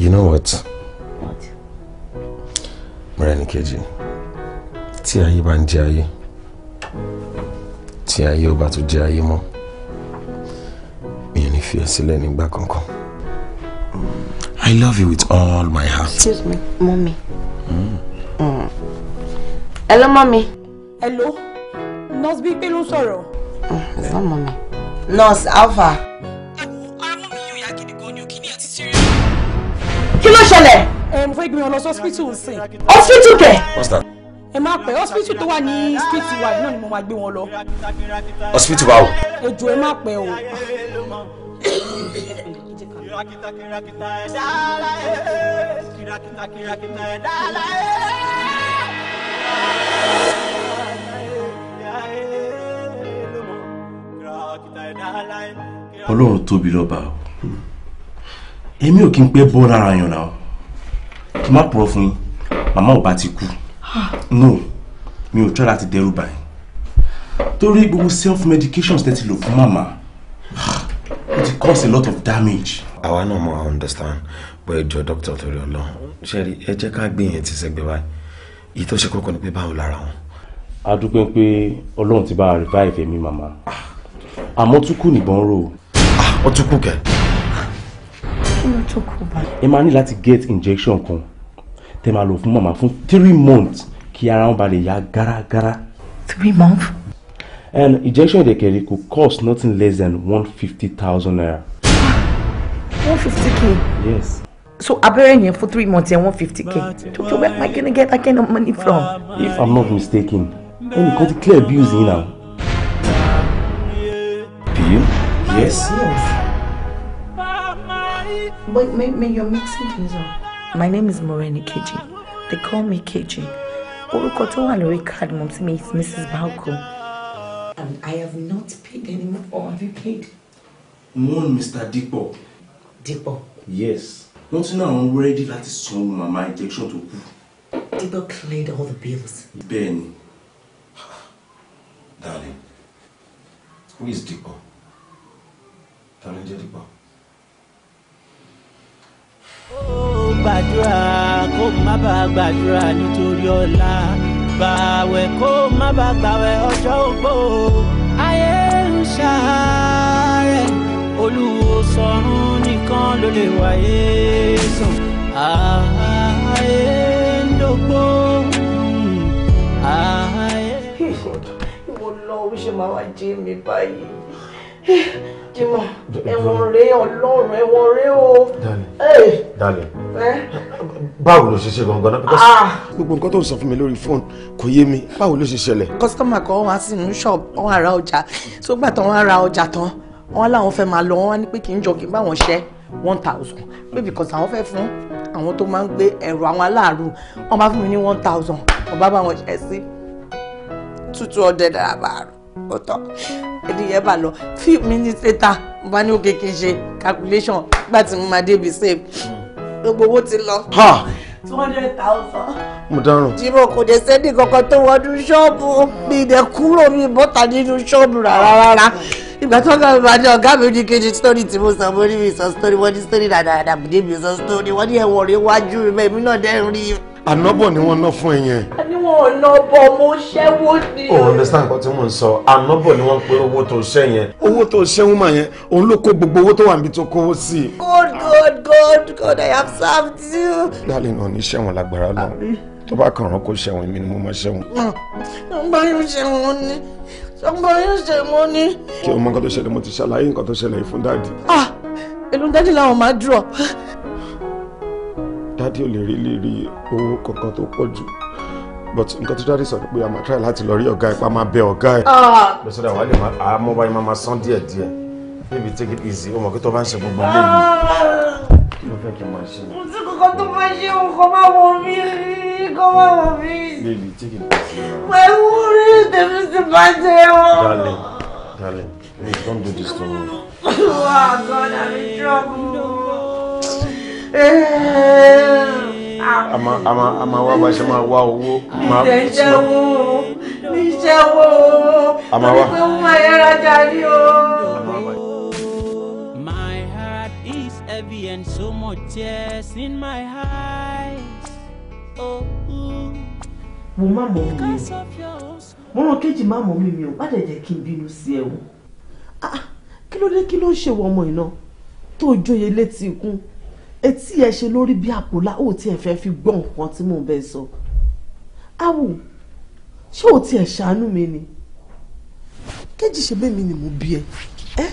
you know what? What? Mọ́rẹ́nìkejì, tí ayé bá ń jẹ ayé, tí ayé ó bá tún jẹ ayé mọ́, mi ò fi ẹ́ sílẹ̀ nígbà kankan. I love you with all my heart. Excuse me, mommy. Mm. Hello, mommy. Hello. Nurse Bímpé ló ń sọ̀rọ̀. Hmm, it's mommy. Nurse Alpha. kí ló ṣẹlẹ̀. ẹ mo fẹ́ gbé wọn lọ sí hospital nsìn. hospital kẹ. ẹ máa pẹ́ hospital tó wà ní street wa náà ni mo máa gbé wọn lọ. hospital báwo. ejò ẹ máa pẹ́ o. ọlọ́run tóbi lọ́ba o èmi ò kí n pẹ́ bọ́ lára yàn náà kí n má purọ́ fún yín màmá ò bá ti kú no mi ò tọ́ láti dẹ́rù báyìí torí gbogbo self medications tẹ́ ti lò fún màmá ó ti cause a lot of damage. àwa náà mọ understand pé ìjọ dókítà torí Ọlọ́run ṣẹ́rí ẹ jẹ́ ká gbìyànjú ti sẹ́gbẹ́ wa èyí tó ṣe kókó ni pé báwo lára wọn. a dúpẹ́ pé Ọlọ́run ti bá a revive èmi màmá àmọ́ tún kù nìbọn rò. Ah, ó kù kẹ́ kí ló tó ẹ máa ní láti get injection kan tẹ máa lò fún màmá fún three months kí ara wọn ba lè yá gárágárá. three months. and injection ìdẹ̀kẹ̀rẹ̀ could cost nothing less than one fifty thousand naira. one fifty k. yes. So abẹ́rẹ́ yẹn for three months and one fifty k. Jojo, where am I gonna get that kind of money from? If I'm not mistaken, ẹnì kan ti clear bills yìí now. Bill? Yes. yes. Wait, may, may you're mixing things oh. up. My name is Moreni Keji. They call me Keji. Orúkọ tó wà lórí card mom sí mi is Mrs. Balko. And um, I have not paid any more. Or have you paid? Moon, Mr. Dipo. Dipo? Yes. Wọ́n ti náà wọ́n ready láti sanwó màmá injection to kù. Dipo cleared all the bills. Ben, Darling, who is Dipo? Ta ló ń Dipo? ó gbàdúrà kó má bàa gbàdúrà nítorí ọ̀la gbàwẹ̀ kó má bàa gbàwẹ̀ ọjọ́ ogbó ayé ń ṣàárẹ̀ olúwo sọ̀run nìkan ló lè wáyé sàn ayé ń dògbò ayé. ìwọ lọ ó ṣe máa wá jí mi báyìí jimọ ẹ̀wọ̀n rèé Ọlọ́run ẹ̀wọ̀n rèé o. dalẹ eh. eh? báwo ló ṣe ṣe gangan náà because ah. gbogbo nǹkan tó ń sọ fún mi lórí fóònù kò yé mi báwo ló ṣe ṣẹlẹ̀. kọ́sítọ́mà kan wá sínú ṣọ́ọ̀bù wọ́n á ra ọjà tó gbà tán wọ́n á ra ọjà tán wọ́n láwọn fẹ́ máa lọ wọ́n wá pé kí n jọ kí n bá wọn ṣẹ́ one thousand pé because àwọn fẹ́ fún àwọn tó máa ń gbé ẹ̀rọ àwọn aláàrù wọ́n bá fún mi ní one thousand wọ́n bá bá wọn ṣẹ́ sí two hundred naira báàrù ó tán ẹnìyẹn bá lọ few minutes later mo bá ní òkè kí n ṣe calculation nígbà tí mo máa débi save gbogbo owó ti lọ. two hundred thousand. mo dáràn. jimo kò dé sẹ́ni kankan tó wọnú ṣọ́ọ̀bù mi ìdẹ kúrò mi bọ́ta nínú ṣọ́ọ̀bù rárá rárá ìgbà tó ọgá mi máa ní ọgá mi ní kejì story. tí mo sọ mo ní mi sọ sítórì wọ́n ní sítórì dáadáa àdàbùdé mi sọ sítórì wọ́n ní ẹ̀wọ̀n rẹ̀ wájú mi bẹ́ẹ̀ náà dẹ́rùn rí i ànábọ̀ ni wọ́n ná fún ẹ yẹn. a ní wọn ò ná bọ̀ mo ṣẹ́wó ni. o understand nǹkan tí mò ń sọ ànábọ̀ ni wọ́n pe owó tó ṣe yẹn. owó tó ṣe ń mà yẹn òun ló kó gbogbo owó tó wà níbi tó kówó sí God God God God I have served you. darling ò ní ṣẹ̀wọ̀n lágbára lọ tó bá kàn án kó ṣẹ̀wọ̀n èmi ni mo máa ṣẹ̀wọ̀n. ọgbà ah, yóò ṣẹ̀wọ̀n ni ọgbà yóò ṣẹ̀wọ̀n ni. kí o mọ nǹkan tó ṣẹlẹ̀ mo ti ṣàlàyé nǹkan tó ṣẹlẹ̀ yìí fún dáàdì. ah èlò dáàdì làwọn dáàdì ò lè rí lè rí owó kankan tó pọ̀ jù but nǹkan tí dáàdì sọ pé a máa try láti lọ rí ọ̀gá ẹ̀ pa máa bẹ ọ̀gá ẹ̀. lọ́sọ̀dọ̀ ah. àwa lè máa mọ́ báyìí máa san díẹ̀ díẹ̀ maybe take it easy ó mọ̀ tó bá ń ṣe gbogbo ilé yìí kí fẹ́ kí n máa ṣe. mo ti kọ́kọ́ tó máa ṣe nǹkan máa wọ mí kọ́ máa wọ mí. baby take it easy. pẹ̀lú rí tèmi ti bàjẹ́ wọn. darling darling please don't do this to me. oh god i'm in trouble a máa bá ṣe máa wá owó. níṣẹ́ wo níṣẹ́ wo a máa máa yára darí o. My heart is heavy and so much tears in my eyes. Oh, mo má mọ̀ mi o mo ràn kejì má mọ̀ mi mi o má dẹ̀ jẹ́ kí n bínú sí ẹ o ah, ah, kí ló dé kí ló ń ṣe wọ ọmọ ìná tó jóye létí ikún etí ẹ ṣe lórí bí àpòlá ó tiẹ̀ fẹ́ fi gbọ́ nǹkan tí mò ń bẹ́ẹ̀ sọ awù ṣé ò tiẹ̀ ṣàánú mi ni kéjì ṣe bẹ́ẹ̀ mi ni mo bí ẹ ẹ́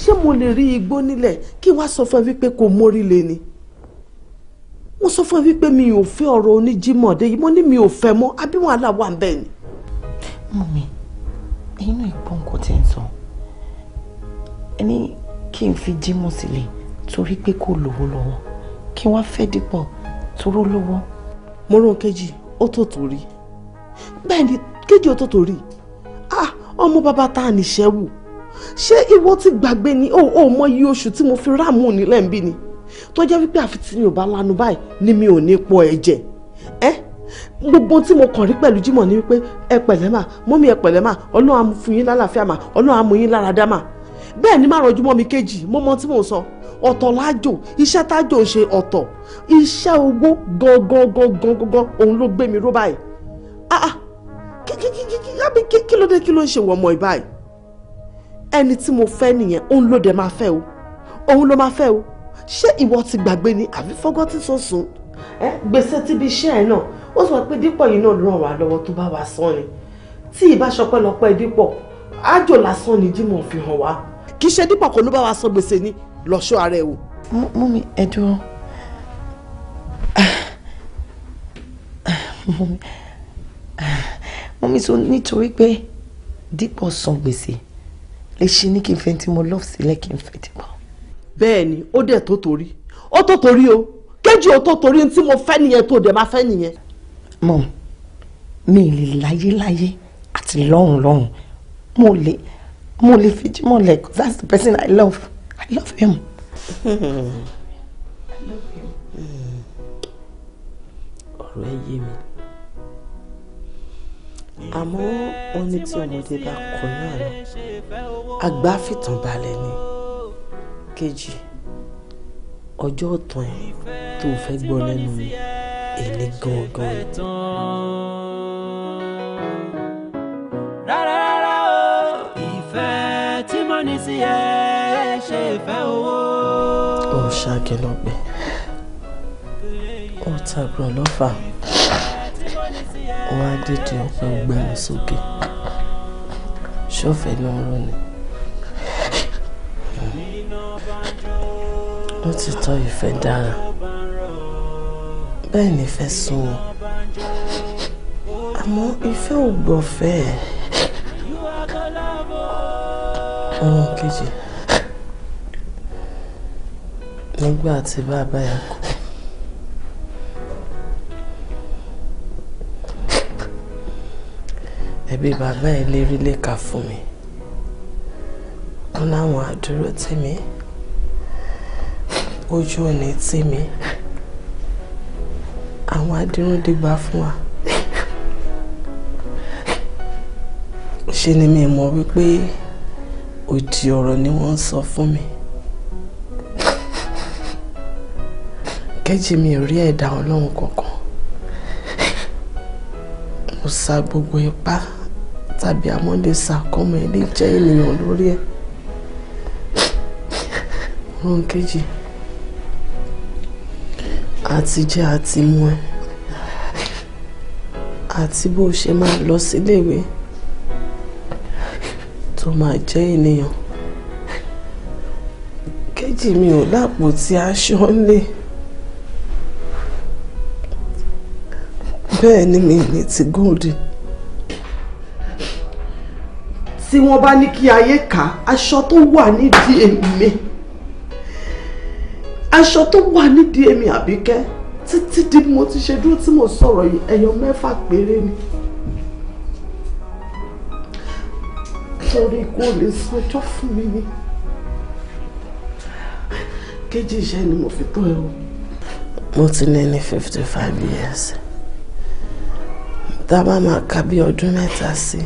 ṣé mo lè rí igbó nílẹ̀ kí wàá sọ fún ẹ wípé kò mórí le ni mo sọ fún ẹ wípé mi ò fẹ́ ọ̀rọ̀ oníjímọ̀dé yìí mo ní mi ò fẹ́ mọ́ àbí wàhálà wà ń bẹ́ẹ̀ ni. mọ̀mí inú ìgbọ́ nǹkan tí ń sọ ẹni kí n fi jímọ̀ sílẹ̀ torí pé kò lówó lọ́wọ́ kí wọ́n fẹ́ dípọ̀ toró lówó. mo rán kejì ó tó torí bẹ́ẹ̀ ni kejì ó tó torí ah ọmọ bàbá tá a níṣẹ́ wù ṣé ìwọ ti gbàgbé ni ó ó mọ iye oṣù tí mo fi ráàmù nílẹ̀ ń ni tó jẹ́ wípé àfi tí mi ò bá lanu báyìí ni mi ò ní pọ ẹ̀jẹ̀ ẹ́ gbogbo tí mo kàn rí pẹ̀lú Jímọ̀ ni wípé ẹ pẹ̀lẹ́ mà mọ́mí ẹ pẹ̀lẹ́ mà ọlọ́run á fún yín lálàáfíà mà ọlọ́run á mú yín lára dá mà bẹ́ẹ̀ ni má rọjú mọ́ mi kejì mo mọ tí mò ń sọ ọ̀tọ̀ lájò iṣẹ́ tájò ṣe ọ̀tọ̀ iṣẹ́ owó gangan gangan gangan òun ló gbé mi ró báyìí ah ah kí ló dé kí ló ń ṣe wọ́n mọ́ ẹ báyìí ẹni tí mo fẹ́ nìyẹn òun ló dé máa fẹ́ o òun ló máa fẹ́ o ṣé ìwọ ti gbàgbé ni àbí fọ́gọ́tì sọ̀sùn ẹ gbèsè tíbi iṣẹ́ ẹ náà ó sọ pé dípọ̀ yìí náà ràn wá lọ́wọ́ tó bá wa sán ni tí ìbáṣọpẹ́lọpẹ́ dípọ̀ ájò lásán ni Jímọ̀ fi hàn wá kì í ṣe dípọ̀ kò ló bá wa sọ gbèsè ni lọ sọ ara ẹ wò. mummy ẹ dúró mummy sọ nítorí pé dípò san gbèsè lè ṣe ní kí n fẹ́ tí mo lọ́ọ̀ sílẹ̀ kí n fẹ́ dípò. bẹ́ẹ̀ ó dẹ̀ tó torí ó tó torí o kéjì ó tó torí tí mo fẹ́ nìyẹn tó dẹ̀ máa fẹ́ nìyẹn. mọ mi lè láyé láyé àti lọ́run lọ́run mo lè mo lè fi jímọ̀ lẹ̀ that's the person I love. I love him. I love him. ọ̀rọ̀ ẹ yé mi àmọ́ wọn ní tí ọmọdé bá kọ náà lọ àgbà fìtàn balẹ̀ ni kejì ọjọ́ ọ̀tàn ẹ̀ tó fẹ́ gbọ́ lẹ́nu mi èmi gangan. rárá rárá o ìfẹ́ tí mo ní sí ẹ ṣe ìfẹ́ owó. ó ṣáàkì lọ́gbẹ́ ó tàbùrọ̀ lọ́fà wọ́n á dìde ọ̀pọ̀ gbẹ̀rù sókè ṣọ́ọ̀fẹ́ ló ń rọ ni. ó ti tọ́ ìfẹ́ dára bẹ́ẹ̀ ni ìfẹ́ sún wọn àmọ́ ìfẹ́ ò gbọ̀fẹ́ ẹ̀. ọ̀rọ̀ kejì nígbà tí bàbá ẹ̀ kú. ẹbí bàbá ẹ̀ lérí léka fún mi wọn láwọn àdúró tì mí ojú òní tì mí àwọn adírúndígba fún wa ṣe ni mi mọ̀ wípé òdì ọ̀rọ̀ ni wọ́n ń sọ fún mi. kẹ́jì mi ò rí ẹ̀dá ọlọ́run kankan mo sa gbogbo ipá tàbí àmọ́lé sàkọ́mọ ẹ̀ lè jẹ́ ènìyàn lórí ẹ̀ ọ̀run kẹ́jì àti jẹ́ àti mu ẹ̀ àti bó ṣe máa lọ síléèwé tó máa jẹ́ ènìyàn kẹ́jì mi ò lápò tí aṣọ ń lè. bẹ́ẹ̀ ni mi ní ti góòdì tí wọ́n bá ní kí ayé kà aṣọ tó wà nídìí èmi aṣọ tó wà nídìí èmi àbíkẹ́ títí di mo ti ṣe dúró tí mo sọ̀rọ̀ yìí ẹyọ mẹ́fà péré ni torí kò lè sanjọ́ fún mi ni kejì iṣẹ́ ni mo fi tó ẹ o. mo ti ní ní fifty five years tá a bá máa ka bí ọdún mẹ́ta sí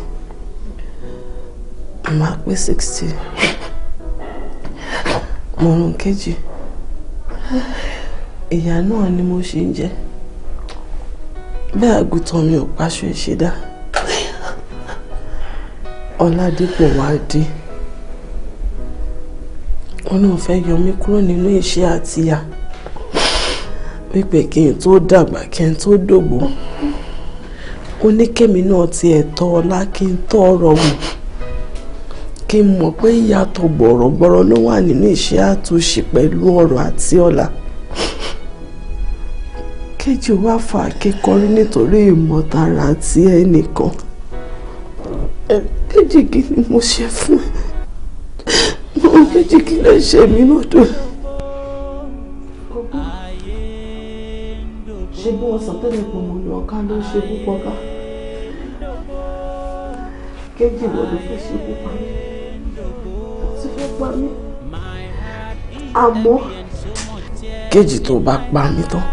máa pé sixty mọ̀rún kejì ìyá náà ni mo ṣe ń jẹ bẹ́ẹ̀ àgùntàn mi ò paṣọ ìṣẹ̀dá ọládípò wá dé wọn náà fẹ́ yọ mí kúrò nínú iṣẹ́ àtìyà wípé kí n tó dàgbà kí n tó dògbò ó ní kémi náà tiẹ̀ tọ́ ọlá kí n tọ́ ọ̀rọ̀ wò kí n mọ̀ pé ìyàtọ̀ gbọ̀rọ̀gbọ̀rọ̀ ló wà nínú iṣẹ́ àtúnṣe pẹ̀lú ọ̀rọ̀ àti ọ̀la kejì wá fa kíkọrí nítorí ìmọ̀tara ti ẹnìkan kejì kí ni mo ṣe fún ẹ mo kejì kí lè ṣe mí lọ́dún. ṣé bí wọ́n sọ tẹ́lẹ̀ pé mo yàn ká ló ṣe púpọ̀ ká kejì wọ́n ló fẹ́ ṣekú pa mí ti fẹ́ pa mí àmọ́. kejì tó bá pa mí tán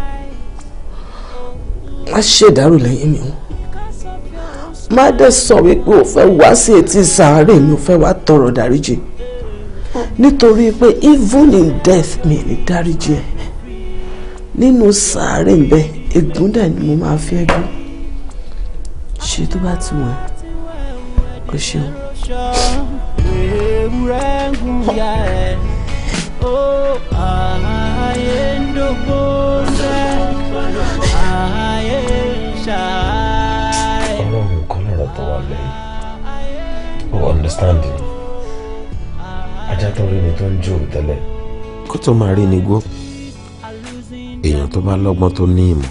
má ṣèdárò lẹ́yìn mi o má dẹ̀ sọ wípé o fẹ́ wá sí etí sàárè mi o fẹ́ wá tọrọ dáríjì nítorí pé even in death mi ní dáríjì ẹ̀ nínú sàárè ń bẹ ègún dẹ̀ ni mo máa fi ẹ́ gbé ṣe tó bá ti wọ̀n o ṣeun. ewúrẹ́ ń gun ya ọlọ́run kan lọ̀rọ̀ tó wà lẹ́yìn o understanding ajá tó rí ni tó ń jó tẹ́lẹ̀. kó tó máa rí ni gbó èèyàn tó bá lọ́gbọ́n tó ní ìmọ̀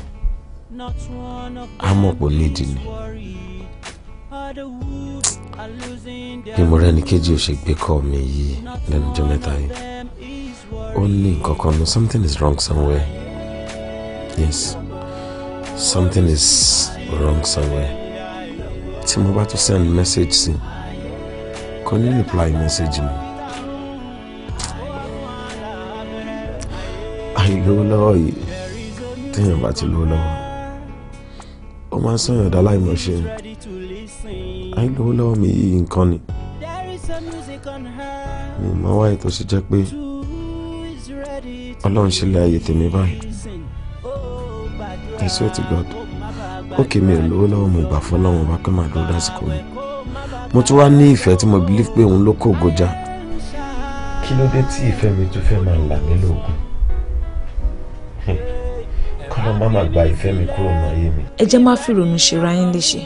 á mọ̀ pé nídìí ni. bí mo kejì ò ṣe gbé kọ́ mi yìí lẹ́nu ọjọ́ mẹ́ta yìí ó ní nǹkan kan no something is wrong somewhere yes something is wrong somewhere tí mo bá tún send message sí kò ní reply message mi. àìlówó lọ́wọ́ yìí téèyàn bá ti lówó lọ́wọ́ ó máa ń sọ̀yàn dá láì mọ̀ ṣe àìlówó lọ́wọ́ mi yìí nǹkan ni ni màá wáyé tó sì jẹ́ pé ọlọ́run sílẹ̀ ayé tèmi báyìí I swear to God ókè mi ò lówó lọ́wọ́ mo gbà fún ọlọ́run ọba pé màá dúró dásìkò mi mo tún wá ní ìfẹ́ tí mo believe pé òun ló kó ògójà. kí ló dé tí ìfẹ́ mi tún fẹ́ máa là mí lóògùn kọ́nà má má gba ìfẹ́ mi kúrò ní ayé mi. ẹ jẹ́ má fi ìrònú ṣe ra yín léṣe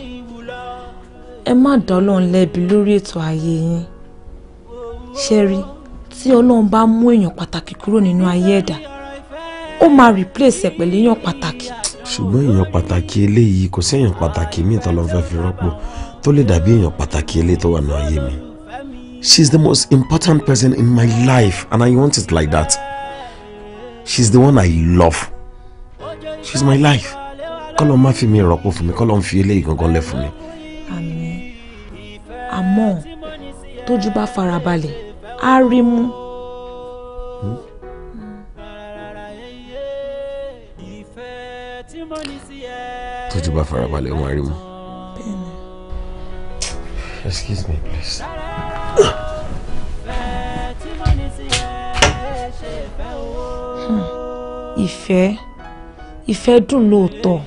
ẹ má dá ọlọ́run lẹ́bi lórí ètò ayé yín ṣẹ́rí tí ọlọ́run bá mú èèyàn pàtàkì kúrò nínú ayé ẹ̀dá ó máa replace ẹ̀ pẹ̀lú èèyàn pàtàkì. ṣùgbọ́n èèyàn pàtàkì eléyìí kò sí èèyàn pàtàkì míì tó fẹ́ fi rọ́pò tó lè dàbí èèyàn pàtàkì eléyìí tó wà ní ayé mi. She's the most important person in my life and I want it like that. She is the one I love. She is my life. kọ́lọ́ má fi mi rọ́pò fún mi kọ́lọ́ ń fi eléyìí gangan lẹ̀ fún mi. àmọ́ tójú bá farabalẹ̀ á rí mú. Hmm? tójú bá farabalẹ̀ ó máa rí mú. excuse me please. Hmm. ìfẹ́ ìfẹ́ dùn lóòótọ́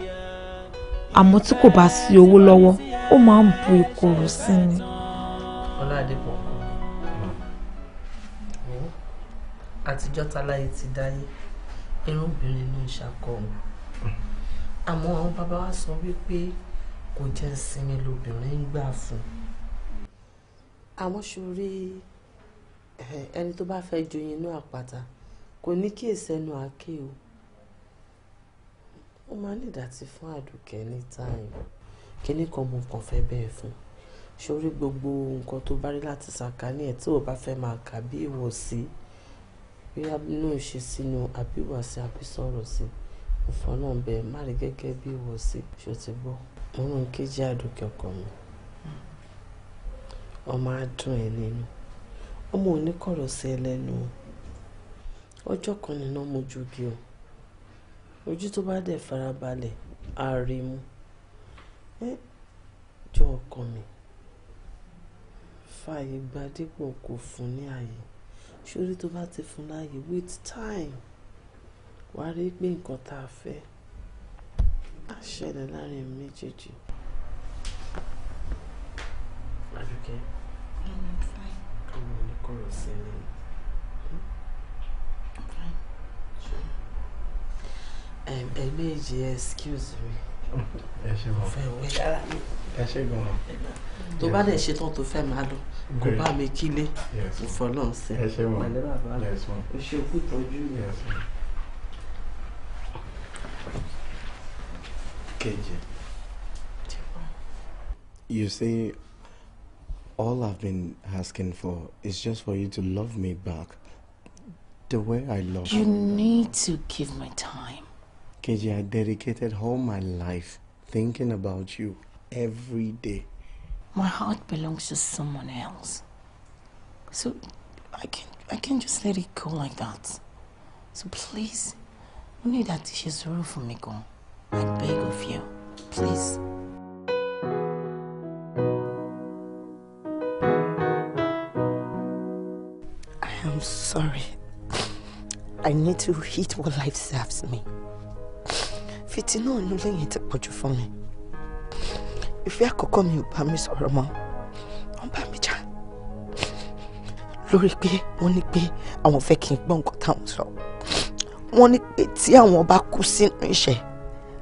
àmọ́ tí kò bá sí owó lọ́wọ́ ó máa ń bu ìkorò sí ni. Ọládépọ̀ kù hmm. àtijọ́ taláyé ti dáyé irúbìnrin ní ìṣàkóhùn hmm. àmọ́ àwọn bàbá wa sọ wípé kò jẹ́ ìsinmi lobìnrin ń gbà fún un. àmọ́ ṣorí ẹni tó bá fẹ́ joyin inú àpáta kò ní kí ìsẹ́nu àáké o ó máa ń ìdàtí fún àdùkẹ́ ní táyìn kíní kan mo kàn fẹ́ bẹ́ẹ̀ fún un sórí gbogbo nǹkan tó bá rí láti sàkání ẹ̀ tí o bá fẹ́ máa kà bí ìwọ̀ sí bóyá nínú ìṣesí nu àbí ìwà sí àbí sọ̀rọ̀ sí ìfọ̀n náà bẹ́ẹ̀ má rí gẹ́gẹ́ bí ìwọ̀ sí ṣó ti gbọ́ mo rún un kéjì àdókè ọkọ mi ọmọ á ẹ nínú ọmọ ò ní kọ̀rọ̀ sí ẹ lẹ́nu ọjọ́ kan nínú mojú gi o ojú tó bá dẹ̀ farabalẹ̀ á rí mú ẹ jọ ọkọ mi fààyè gba dípò kò fún ní ààyè sórí tó bá ti fún láàyè with time wàá rí pé nǹkan tá a fẹ́ á ṣẹlẹ̀ láàrin méjèèjì. Hmm? ẹ̀ẹ́dẹ́gbẹ̀jì excuse me ẹ ṣe gan fẹ́ tó bá dẹ̀ ṣetán tó fẹ́ máa lọ kó bá mi kílé mo fọ́ náà sẹ́ ẹ ṣe mọ̀ pẹ̀lẹ́ bàbá ṣe kú tọ́jú keje you say all I've been asking for is just for you to love me back the way I love you. You need to give me time. KJ, I dedicated all my life thinking about you every day. My heart belongs to someone else. So I can't I can't just let it go like that. So please, you need that she's real for me, go. I beg of you. Please. I am sorry. I need to eat what life serves me. fìtínà inú lẹ́yìn ti pọ̀jù fún mi ìfẹ́ àkọ́kọ́ mi ò bá mi sọ̀rọ̀ mọ́ wọ́n bá mi jà lórí pé wọ́n ní pé àwọn fẹ́ kí n gbọ́ nǹkan táwọn sọ wọ́n ní pé tí àwọn bá kú sínú ìṣẹ́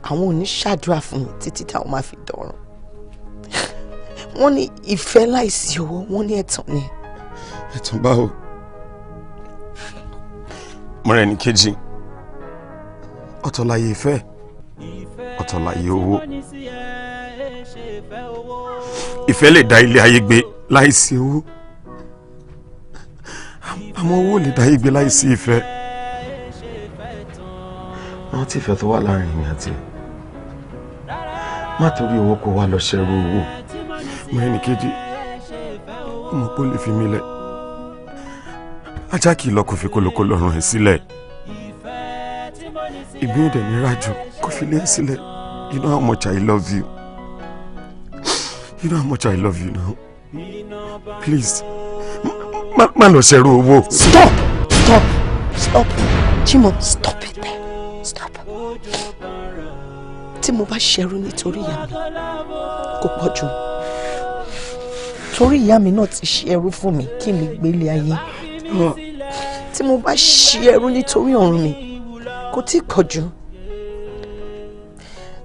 àwọn ò ní ṣàdúrà fún mi títí táwọn máa fi dọ̀run wọ́n ní ìfẹ́ láìsí owó wọ́n ní ẹ̀tàn ni. ẹ̀tàn báwo mọ̀rẹ́ ní kejì ọ̀tọ̀ láyé ìfẹ́ ẹ̀ ọ̀tọ̀lá iye owó ìfẹ́ lè dá ilé ayé gbé láìsí owó àmọ́ owó lè dá ayé gbé láìsí ìfẹ́. rántí ìfẹ́ tó wà láàrin mi àti má torí owó kó wá lọ ṣẹ́rú owó mo ẹnì kejì mo pọ́ lè fi mí lẹ̀ ajá kì í lọ kó fi kólókó lọ́rùn ẹ̀ sílẹ̀ ìgbín ìdẹ̀ ní rájò kó fi lé sílẹ̀. You know how much I love you. You know how much I love you now. Please, má má lọ ṣerú owó. Stop! Stop! Stop! Jimo, stop it there. Stop. Tí mo bá ṣerú nítorí ìyá mi, kò pọ̀ jù. Torí ìyá mi náà ti ṣerú fún mi kí mi gbélé ayé. Ah. Tí mo bá ṣerú nítorí ọ̀run mi, kò tí pọ̀ jù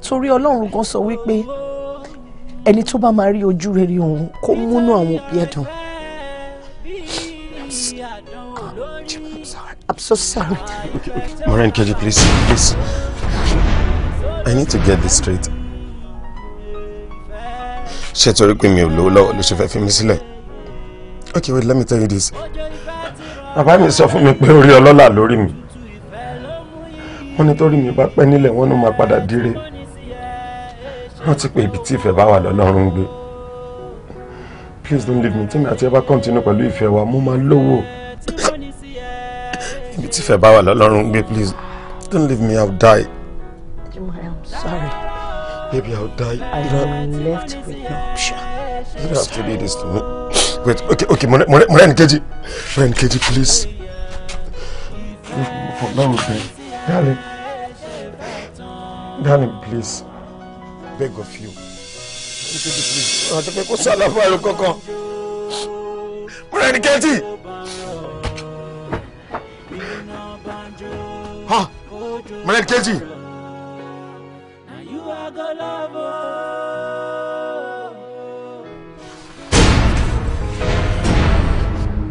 torí ọlọ́run gan sọ wípé ẹni tó bá máa rí ojú rere òun kó múnú àwọn òbí ẹ̀ I'm so sorry. Maureen, could you please, please? I need to get this straight. Ṣé torí pé mi ò lówó lọ́wọ́ ló ṣe fẹ́ fi mí sílẹ̀? Okay, wait, let me tell you this. Bàbá mi sọ fún mi pé orí ọlọ́lá lórí mi. Wọ́n ní torí mi bá pẹ́ nílẹ̀ wọ́n ló máa padà dire rántí pé ibi tí ìfẹ́ bá wà lọ́lọ́run ń gbé please don't leave me tí mi àti ẹ bá continue pẹ̀lú ìfẹ́ wa mo máa lówó ibi tí ìfẹ́ bá wà lọ́lọ́run ń gbé please don't leave me I'll die. Jimoh I'm sorry. Baby I'll die. I am left with no option. You don't have to do this to me. Wait okay okay mo rẹ́ni kejì mo rẹ́ni kejì please. For now, okay. Darling. Darling, please beg of you please ọ̀nà tó pé kó sàlàfà ẹ̀rọ kankan múra ẹni kẹ́ntì. múra ẹni kẹ́ntì.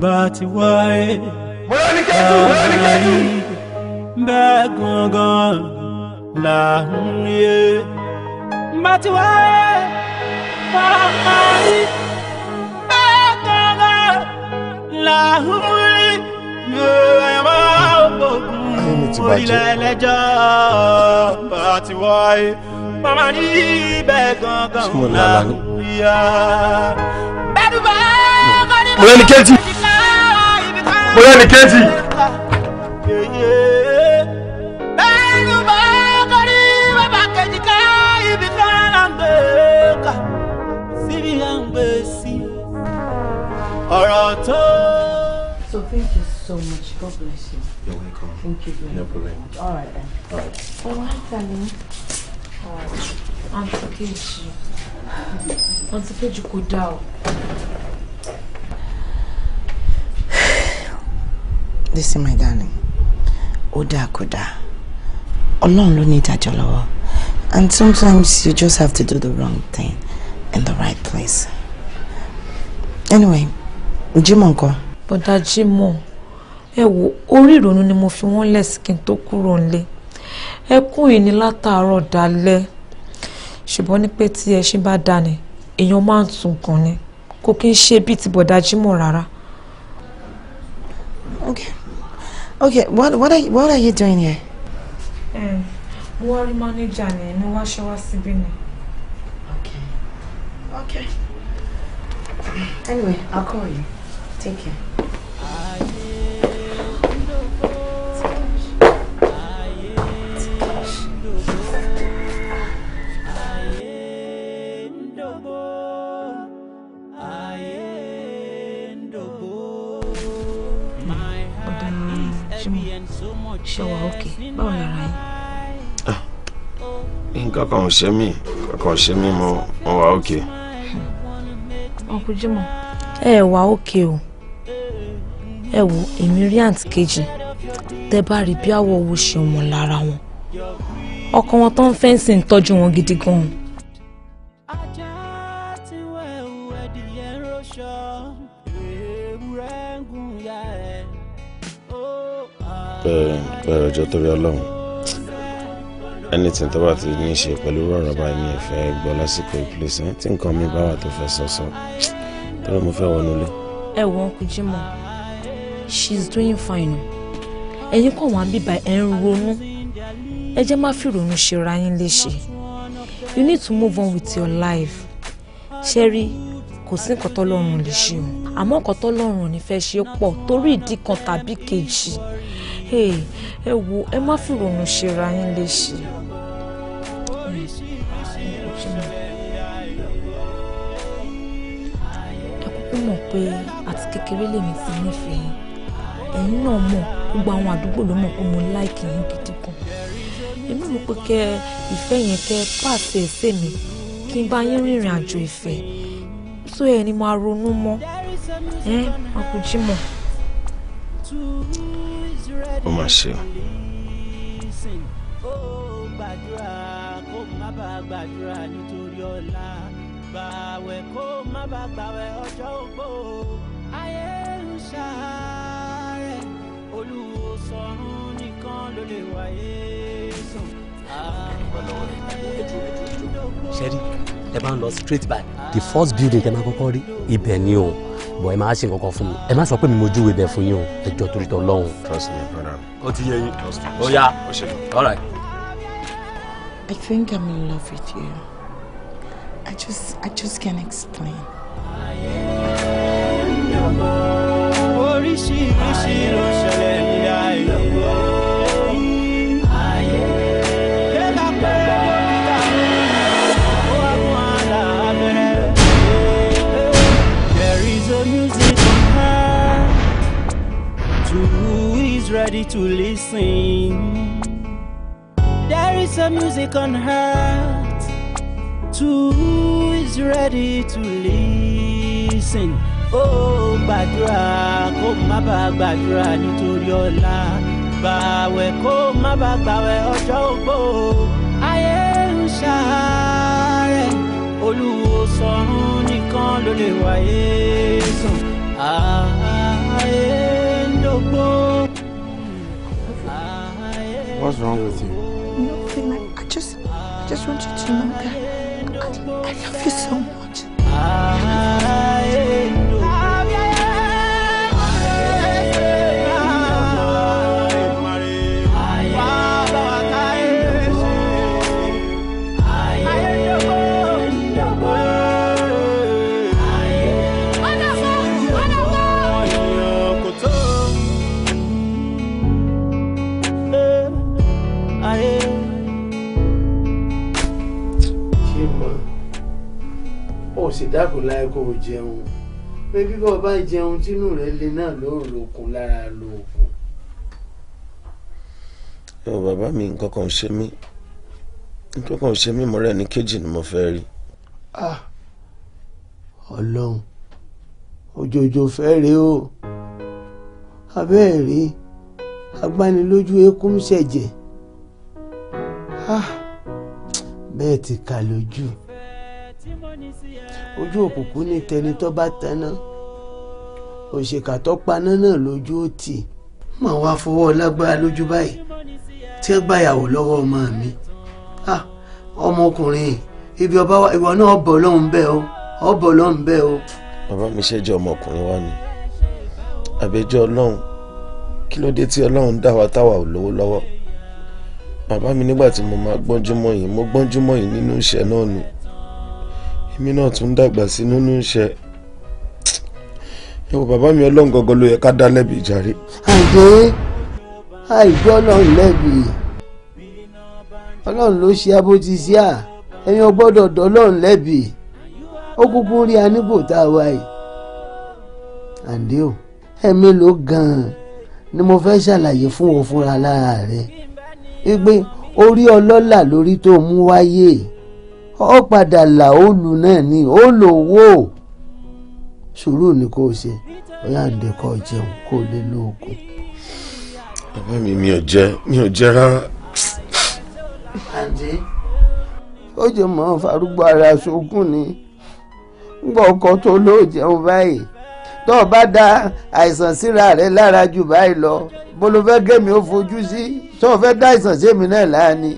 bàtí wáyé múra ẹni kẹ́ntì múra ẹni kẹ́ntì. bẹ́ẹ̀ gangan là ń yé mbati wae fahari ekara lahuri yorùbá bóyá ni kéèjì. fèsì ọ̀rọ̀ So thank you so much. God bless you. You're welcome. Thank you very much. No problem. All right then. All right. All oh, right, darling. All right. Auntie Keji. Auntie Keji kò dá o. Listen, my darling. Ó dáa Alone, dáa. Ọlọ́run ló And sometimes you just have to do the wrong thing in the right place anyway Jimoh ńkọ́. bọ̀dá Jimoh ẹ wo orí ìrònú ni mo fi wọ́n lẹ̀ sí kí n tó kúrò nílé ẹkún yìí ni látàárọ̀ dalẹ́ ṣùgbọ́n ní pé tí ẹṣin bá dání èèyàn máa ń tún gan ni kò kí n ṣe bíi ti bọ̀dá Jimoh rárá. okay okay what what are what are you doing here. mo wá rí mánéjà ni mo wá ṣe wá síbí ni. okay okay. Anyway, I'll call you. Take care. ṣe wà òkè báwo lára yín. nǹkan kan ò ṣe mí nǹkan kan ò ṣe mí mo wà òkè. Okay uncle Jimoh. ẹ wà òkè o ẹ wo èmi rí àǹtí kejì tẹ bá rí bí àwọ̀ owó ṣe wọn lára wọn ọkọ wọn tó fẹ́ǹsì ń tọ́jú wọn gidi gan bẹ́ẹ̀ bẹ́ẹ̀ ọjọ́ torí ọlọ́run anything tó bá ti ní í ṣe pẹ̀lú rọ̀rọ̀ báyìí mi fẹ́ gbọ́ lásìkò ìpilẹ̀ṣẹ̀ tí nǹkan mi bá wà tó fẹ́ sọ sọ tọ́lọ́ mo fẹ́ wọnú ilé. ẹ wo uncle Jimoh she is doing fine ẹ̀yin kàn wá bíbá ẹ̀ ń ronú ẹ jẹ́ má fi ìrònú ṣe ra yín léṣe you need to move on with your life ṣẹ́rí kò sí nǹkan tọ́lọ́run lè ṣe o àmọ́ nǹkan tọ́lọ́run ò ní fẹ́ ṣe pọ̀ torí ìdí kan tàbí kejì ẹ wo ẹ má fìrònú ṣera yín léṣe. ẹ kúkú mọ̀ pé àti kékeré lèmi ti nífẹ̀ẹ́ yín ẹ̀yin náà mọ̀ gbogbo àwọn àdúgbò ló mọ̀ pé mo láìkì yín gidi gan èmi rò pé kẹ ìfẹ́ yẹn kẹ pàṣẹ ẹsẹ̀ mi kí n bá yín rìnrìn àjò ìfẹ́ tó ẹ ni máa ronú mọ́ ẹ má kú jí mọ́ ó mà ṣe o. gbàdúrà ẹ bá ń lọ straight back. the first building tẹ́ máa kọ́kọ́ rí ibẹ̀ ni o bọ̀ ẹ máa ṣe nǹkan kan fún mi ẹ má sọ pé mi mojú ìwé fún yín o ẹ jọ torí tọ lọ́hùn. trust me brother. ó ti yẹ yín ó yá all right. I think I'm in love with you. I just I just can't explain. oríṣiríṣi ló ready to listen. There is a music on heart, to who is ready to listen. Oh, badra, kó má badra gbàdúrà nítorí ọ̀la. Gbàwẹ̀ kó má bàa gbàwẹ̀ ọjọ́ ogbó. Ayé ń olu olúwo sọ̀run nìkan ló lè wáyé bo. What's wrong with you? Nothing. Like, I just, I just want you to know that I, I love you so much. dákò láì kó o jẹun pé bí bọ́ jẹun tínú rẹ le náà ló ń lokun lára lo òògùn. ẹ bàbá mi nǹkan kan ṣe mí nǹkan kan ṣe mí mọ́rẹ́ ní kejì ni mo fẹ́ rí. Ah! ọlọ́run òjòjò fẹ́ rèé o abẹ́ẹ̀ rí agbanilójú eékún ṣẹ̀jẹ̀ ah! bẹ́ẹ̀ ti kà lójú ojú òkùnkùn ní tẹni tó bá taná òṣèkà tó paná náà lójú ó tì mà wá fọwọ́ lágbára lójú báyìí tí ẹ gbàyàwó lọ́wọ́ ọmọ mi ọmọkùnrin ibi ọba wa ìwọ náà ọbọ lọhùn bẹ́ẹ̀ o ọbọ lọhùn bẹ́ẹ̀ o. bàbá mi ṣẹ́jọ́ ọmọkùnrin wa ni àbẹjọ́ ọlọ́run kí ló dé tí ọlọ́run dá wa táwa ò lówó lọ́wọ́ bàbá mi nígbà tí mo máa gbọ́njú mọ́ mo gbọ́njú mọ́ nínú iṣẹ́ náà ni èmi náà tún dàgbà sí nínú iṣẹ́ ẹ wo bàbá mi ọlọ́run gangan ló yẹ ká dá lẹ́bi jàre. àìdé àìdé ọlọ́run lẹ́bi ọlọ́run ló ṣe abótisíà ẹ̀yin ọgbọ́dọ̀ dọ́lọ́run lẹ́bi ó kúkú rí anígbò tá a wá yìí. àǹdé o ẹ̀mí ló gan-an ni mo fẹ́ ṣàlàyé fún ọ fúnra lára rẹ̀ wípé orí ọlọ́lá lórí tó mú wáyé. Ọ padà là náà ni ó lò wó sùúrù ni kò ṣe ó yà ń jẹun kó lè lóògùn. bàbá mi mi ò jẹ mi ò jẹ rárá. ó jẹ mọ farúgbó ara ni gbọ́ ọkọ tó lóò jẹun báyìí tó o bá da àìsàn síra rẹ lára jù lọ ó fojú sí tó o dá àìsàn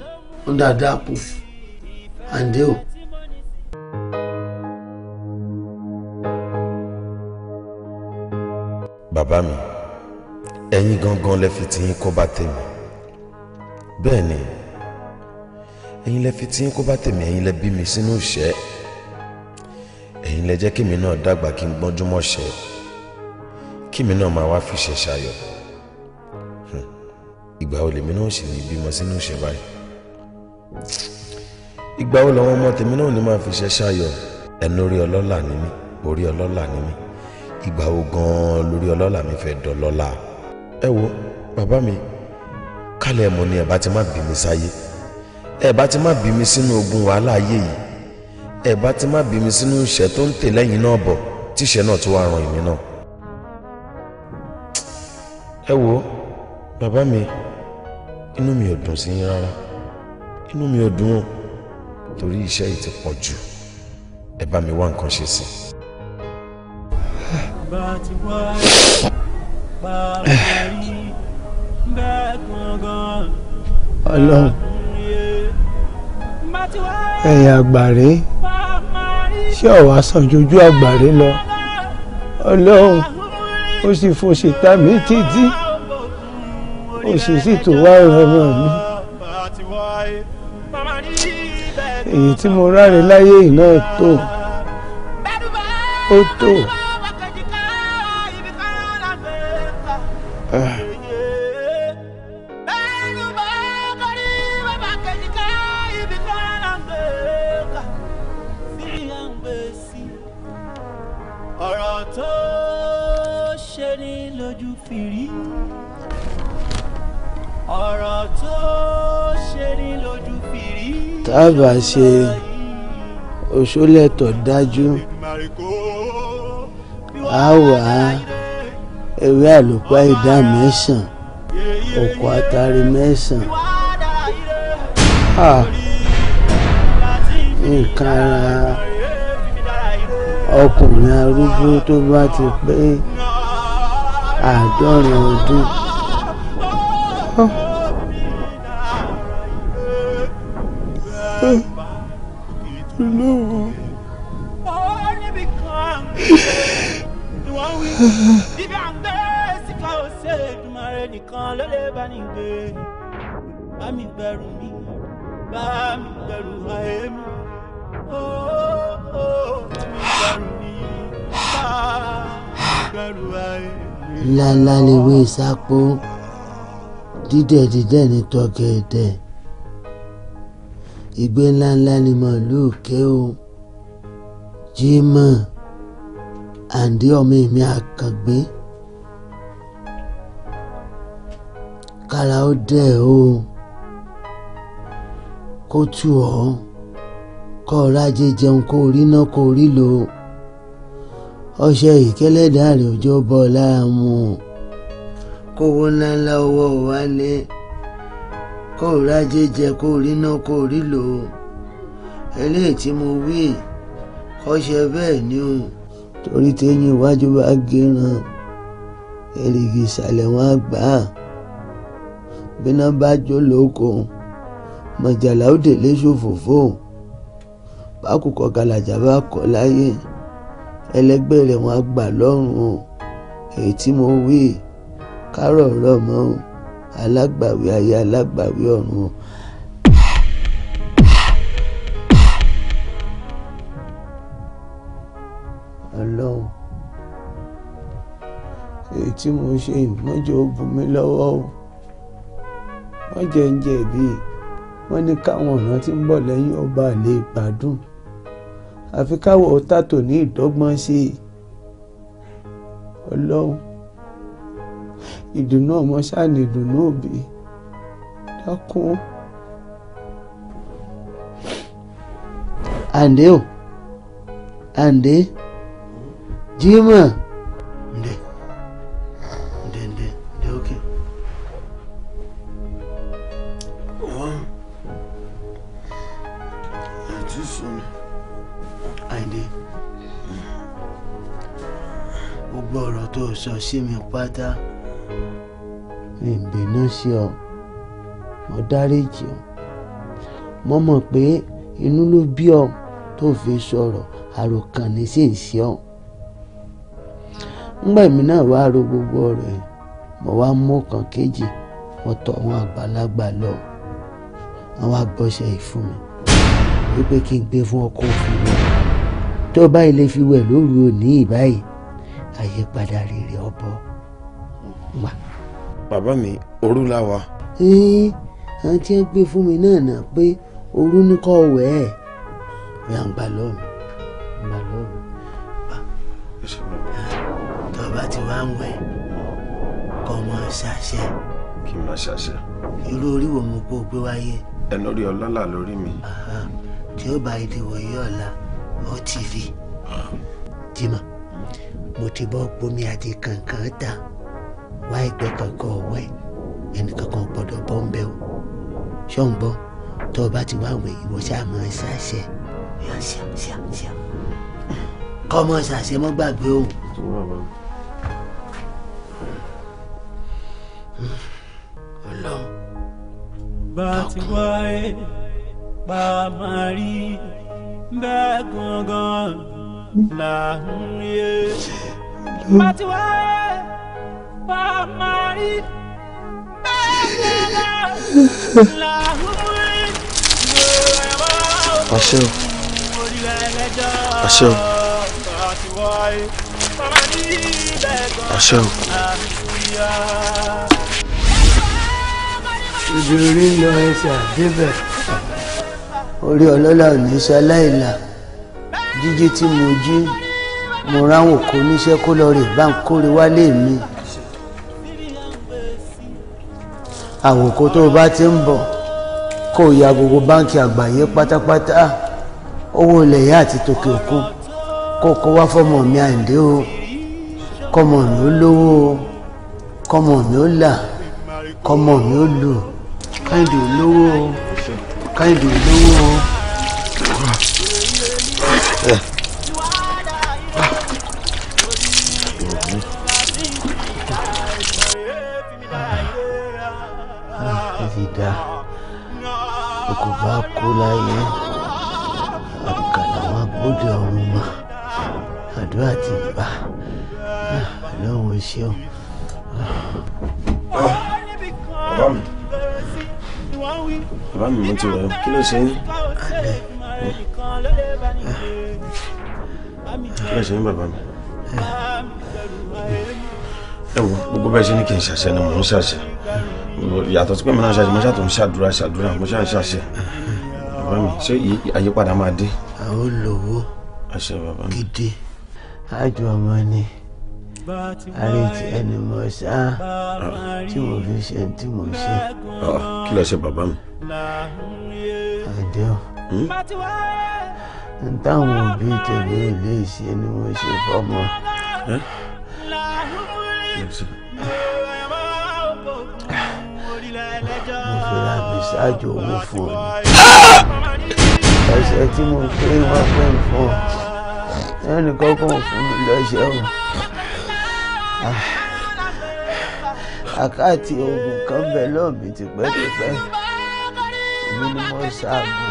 And o. bàbá mi ẹ̀yin gangan lẹ fi tiyín kó bá tèmi bẹ́ẹ̀ ni ẹ̀yin lẹ fi tiyín kó bá tèmi ẹ̀yin lẹ bí mi sínú ìṣẹ́ ẹ̀yin lẹ jẹ́ kími náà dàgbà kí n gbọ́njú mọ́ ṣẹ́ kími náà máa wá fi ṣẹ̀ ṣayọ̀ ìgbà wo lèmi náà sì ní bímọ sínú ìṣẹ́ báyìí ìgbà wo làwọn ọmọ tèmi náà ní máa fi ṣe ṣayọ̀ ẹnu orí ọlọ́lá ni mí orí ọlọ́lá ni mí ìgbà wo gan-an lórí ọlọ́lá mi fẹ́ dọ̀lọ́lá ẹ wo bàbá mi kálẹ̀ ẹ̀mọ́ ni ẹ bá ti má bí mi sáyé ẹ bá ti má bí mi sínú ogun wàhálà ayé yìí ẹ bá ti má bí mi sínú ìṣẹ́ tó ń tè lẹ́yìn náà bọ̀ tíṣẹ́ náà tó wá ran èmi náà ẹ wo bàbá mi inú mi ò dùn sí yín rárá inú mi ò dùn o torí iṣẹ́ yìí ti pọ̀ jù ẹ bá mi wá nǹkan ṣe sí. bá àgbàre ṣé ọ̀wá sàn jojú àgbàre lọ ọlọ́run ó sì fòṣè ta mí títí ó sì sì tó wá ọ̀rọ̀ mi èyí tí mo ráre láyé náà tó ó tó. Ah. àbá ṣe òṣòlẹ̀tọ̀ dájú a wà ewé àlùpà ìdá mẹ́sàn òkò àtàrí mẹ́sàn nǹkan ara ọkùnrin arúgbó tó bá ti pé àádọ́rin ọdún. me love. Only become the one we ìsápó, dídẹ̀ dídẹ̀ ní tọ́gẹ̀ẹ́dẹ̀ ìgbé ńláńlá ni màálù kẹ́ o Jimoh àǹdí ọmọ èmi àkàngbé kára ó dẹ̀ o kó tù ọ́ kọ́ ọ jẹun kó rí náà kó rí lò ọṣẹ ìkẹlẹ́dàá rẹ̀ òjò bọ́ lára mu kówó ńláńlá owó wálé kó o rájé jẹ kó o rí ná kó o rí lò ó eléyìí tí mo wí kọ́ ṣe bẹ́ẹ̀ ni o torí téyín iwájú bá géràn èrìgì ìsàlẹ̀ wọn gbà á bíná bá jó lóko mọ̀jàlá ó délé ṣòfòfò bákùkọ kàlàjà bá kọ láyé ẹlẹgbẹ́ rẹ̀ wọn gbà lọ́rùn o èyí tí mo wí kárọ̀ ọ̀rọ̀ mọ́ o alágbàwí ayé alágbàwí ọ̀run o. ọlọ́run èyí tí mo ṣe mọ́jọ́ ó bù mí lọ́wọ́ o wọ́n jẹ́ ń jẹ̀bi wọ́n ní káwọn ọ̀ràn tí ń bọ̀ lẹ́yìn ọba lè gbádùn àfi káwọ̀ ọ̀tá tò ní ìdọ́gbọ́n sí i ọlọ́run ìdùnnú ọmọ ṣáà ní ìdùnnú òbí dákun àǹdé o àǹdé Jímọ̀. ǹdẹ ǹdẹ ǹdẹ ǹdẹ ókè. wọ́n àti sọmi àìdè gbogbo ọ̀rọ̀ tó sọ sí mi pátá ìbínú sí ọ mo dáríjì ọ mo mọ̀ pé inú ló bí ọ tó fi sọ̀rọ̀ àròkàn ní sì ń ṣe ọ ńgbà èmi náà wàá ro gbogbo ọ̀rọ̀ ẹ̀ mo wá mú kan kejì mo tọ̀ àwọn àgbàlagbà lọ àwọn abọ́ṣẹ́ ìfún mi wípé kí n gbé fún ọkọ̀ òfin mi tó báyìí lè fi wẹ̀ lóru òní ìbáyìí àyípadà rere ọbọ̀ wà. Wow bàbá mi òru la wà. àwọn tí wọ́n gbé fún mi náà nà pé òru ní kọ́ wẹ̀ ẹ́ bí à ń gbà lọ́rùn gbà lọ́rùn tọ́ba ti wá ń wẹ̀ kọ́ ọmọ ṣàṣẹ. kí n máa ṣàṣẹ. irú orí wo mo kó o gbé wáyé. ẹnu orí ọlọ́lá lórí mi. tí ó bá ìdí wọ̀nyí ọ̀la ó ti rí. jimá mo ti bọ́ gbomi àti kàǹkàn ta wá ẹgbẹ́ kankan ọ̀wẹ́ ẹnì kankan gbọ́dọ̀ bọ́ ń bẹ́ o ṣọ́ǹgbọ́n tó o bá ti wá àwọn ìwọ ṣáà máa ń ṣàṣẹ kọ́ mọ́ ṣàṣẹ mọ́ gbàgbé o. ọlọ́run bá bá a máa rí bẹ́ẹ̀ gangan là ń yé bá a ti àṣẹ o àṣẹ o àṣẹ o. ibi orí ń lọ ẹsẹ̀ àdébẹ̀ orí ọlọ́lá ò ní sọ aláìlà jíjí tí mo jí mo ráwọn kò níṣẹ́ kó lọ rè bá ń kórè wálé mi. àwòkó tó bá ti ń bọ̀ kó ya gbogbo báńkì àgbáyé pátápátá owó ilẹ̀ yá àti tòkè òkun kó kó wá fọmọ mi àìndé o kọmọ mi ó lówó o kọmọ mi ó là kọmọ mi ó lù káyìndé ó o káyìndé ó o. akóláyé àkàlà wọn gbọ́dọ̀ ọmọ àdúrà ti gbà ah, lọ́wọ́ iṣẹ́ o. Ah, bàbá mi bàbá mi mo ti wẹ̀ ọ́ kí ló ṣe yín. Ah, kí ló ṣe yín bàbá mi. ẹ wo gbogbo bẹ́ẹ̀ ṣe ni kì í ṣàṣẹ ni mò ń ṣàṣẹ yàtọ̀ sí pé mi náà ṣàṣẹ mo ṣàtò ń ṣàdúrà ṣàdúrà mo ṣàṣẹ bàbá mi ṣé àyípadà máa dé. àwọn olówó gidi àjọ ọmọ ni àrètí ẹni mọ̀ sáà tí mo fi ṣe tí mo ṣe. kí ló ṣe bàbá mi. àdéhùn hmm? n táwọn òbí tèmi ò lè ṣe ni wọ́n ṣe fọ́mọ. ṣáájú owó fún ọ ẹsẹ̀ tí mo pé wá pé ń fọ ẹnì kankan fún mi lọ́ṣẹ̀ o àkáàtì oògùn kan bẹ lọ́ọ̀mì tipẹ́tipẹ́ èmi ni mo ṣàbò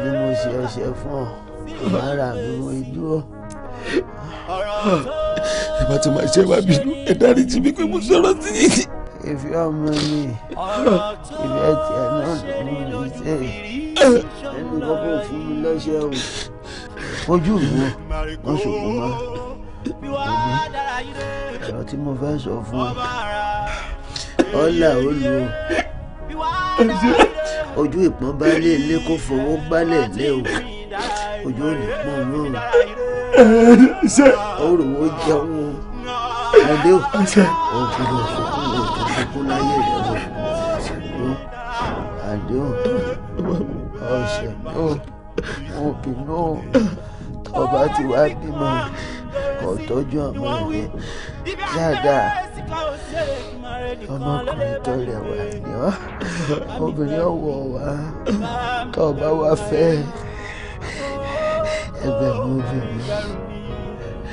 bí mo ṣe ọṣẹ fún ọ bàárà mi mo dúró. ìbátan máa ṣe wá bínú ẹ dáríjì mi pé mo sọ̀rọ̀ sí i ìfẹ́ ọmọ mi ìfẹ́ tiẹ̀ náà ló ń ṣe ẹni kọ́kọ́ fún mi lọ́ṣẹ́ o ojú mi wọ́n ṣùgbọ́n má ẹ̀mí ọ̀rọ̀ tí mo fẹ́ sọ fún ọ là ó lu ojú ìpọ́n balẹ̀ ilé kó fọwọ́ gbálẹ̀ lé o ojú ò náà ó rò ó jẹun ọdẹ o ògbìnrin òṣùkú òṣùkú láyé rẹ o àdé o ọ̀sẹ̀ o òbínú o tọba ti wá bímọ ọ̀tọ́jú ọmọ rẹ dáadáa ọmọkùnrin tó rẹwà ni ọ obìnrin ọwọ́ wa tọba wa fẹ́ ẹgbẹ̀rún obìnrin.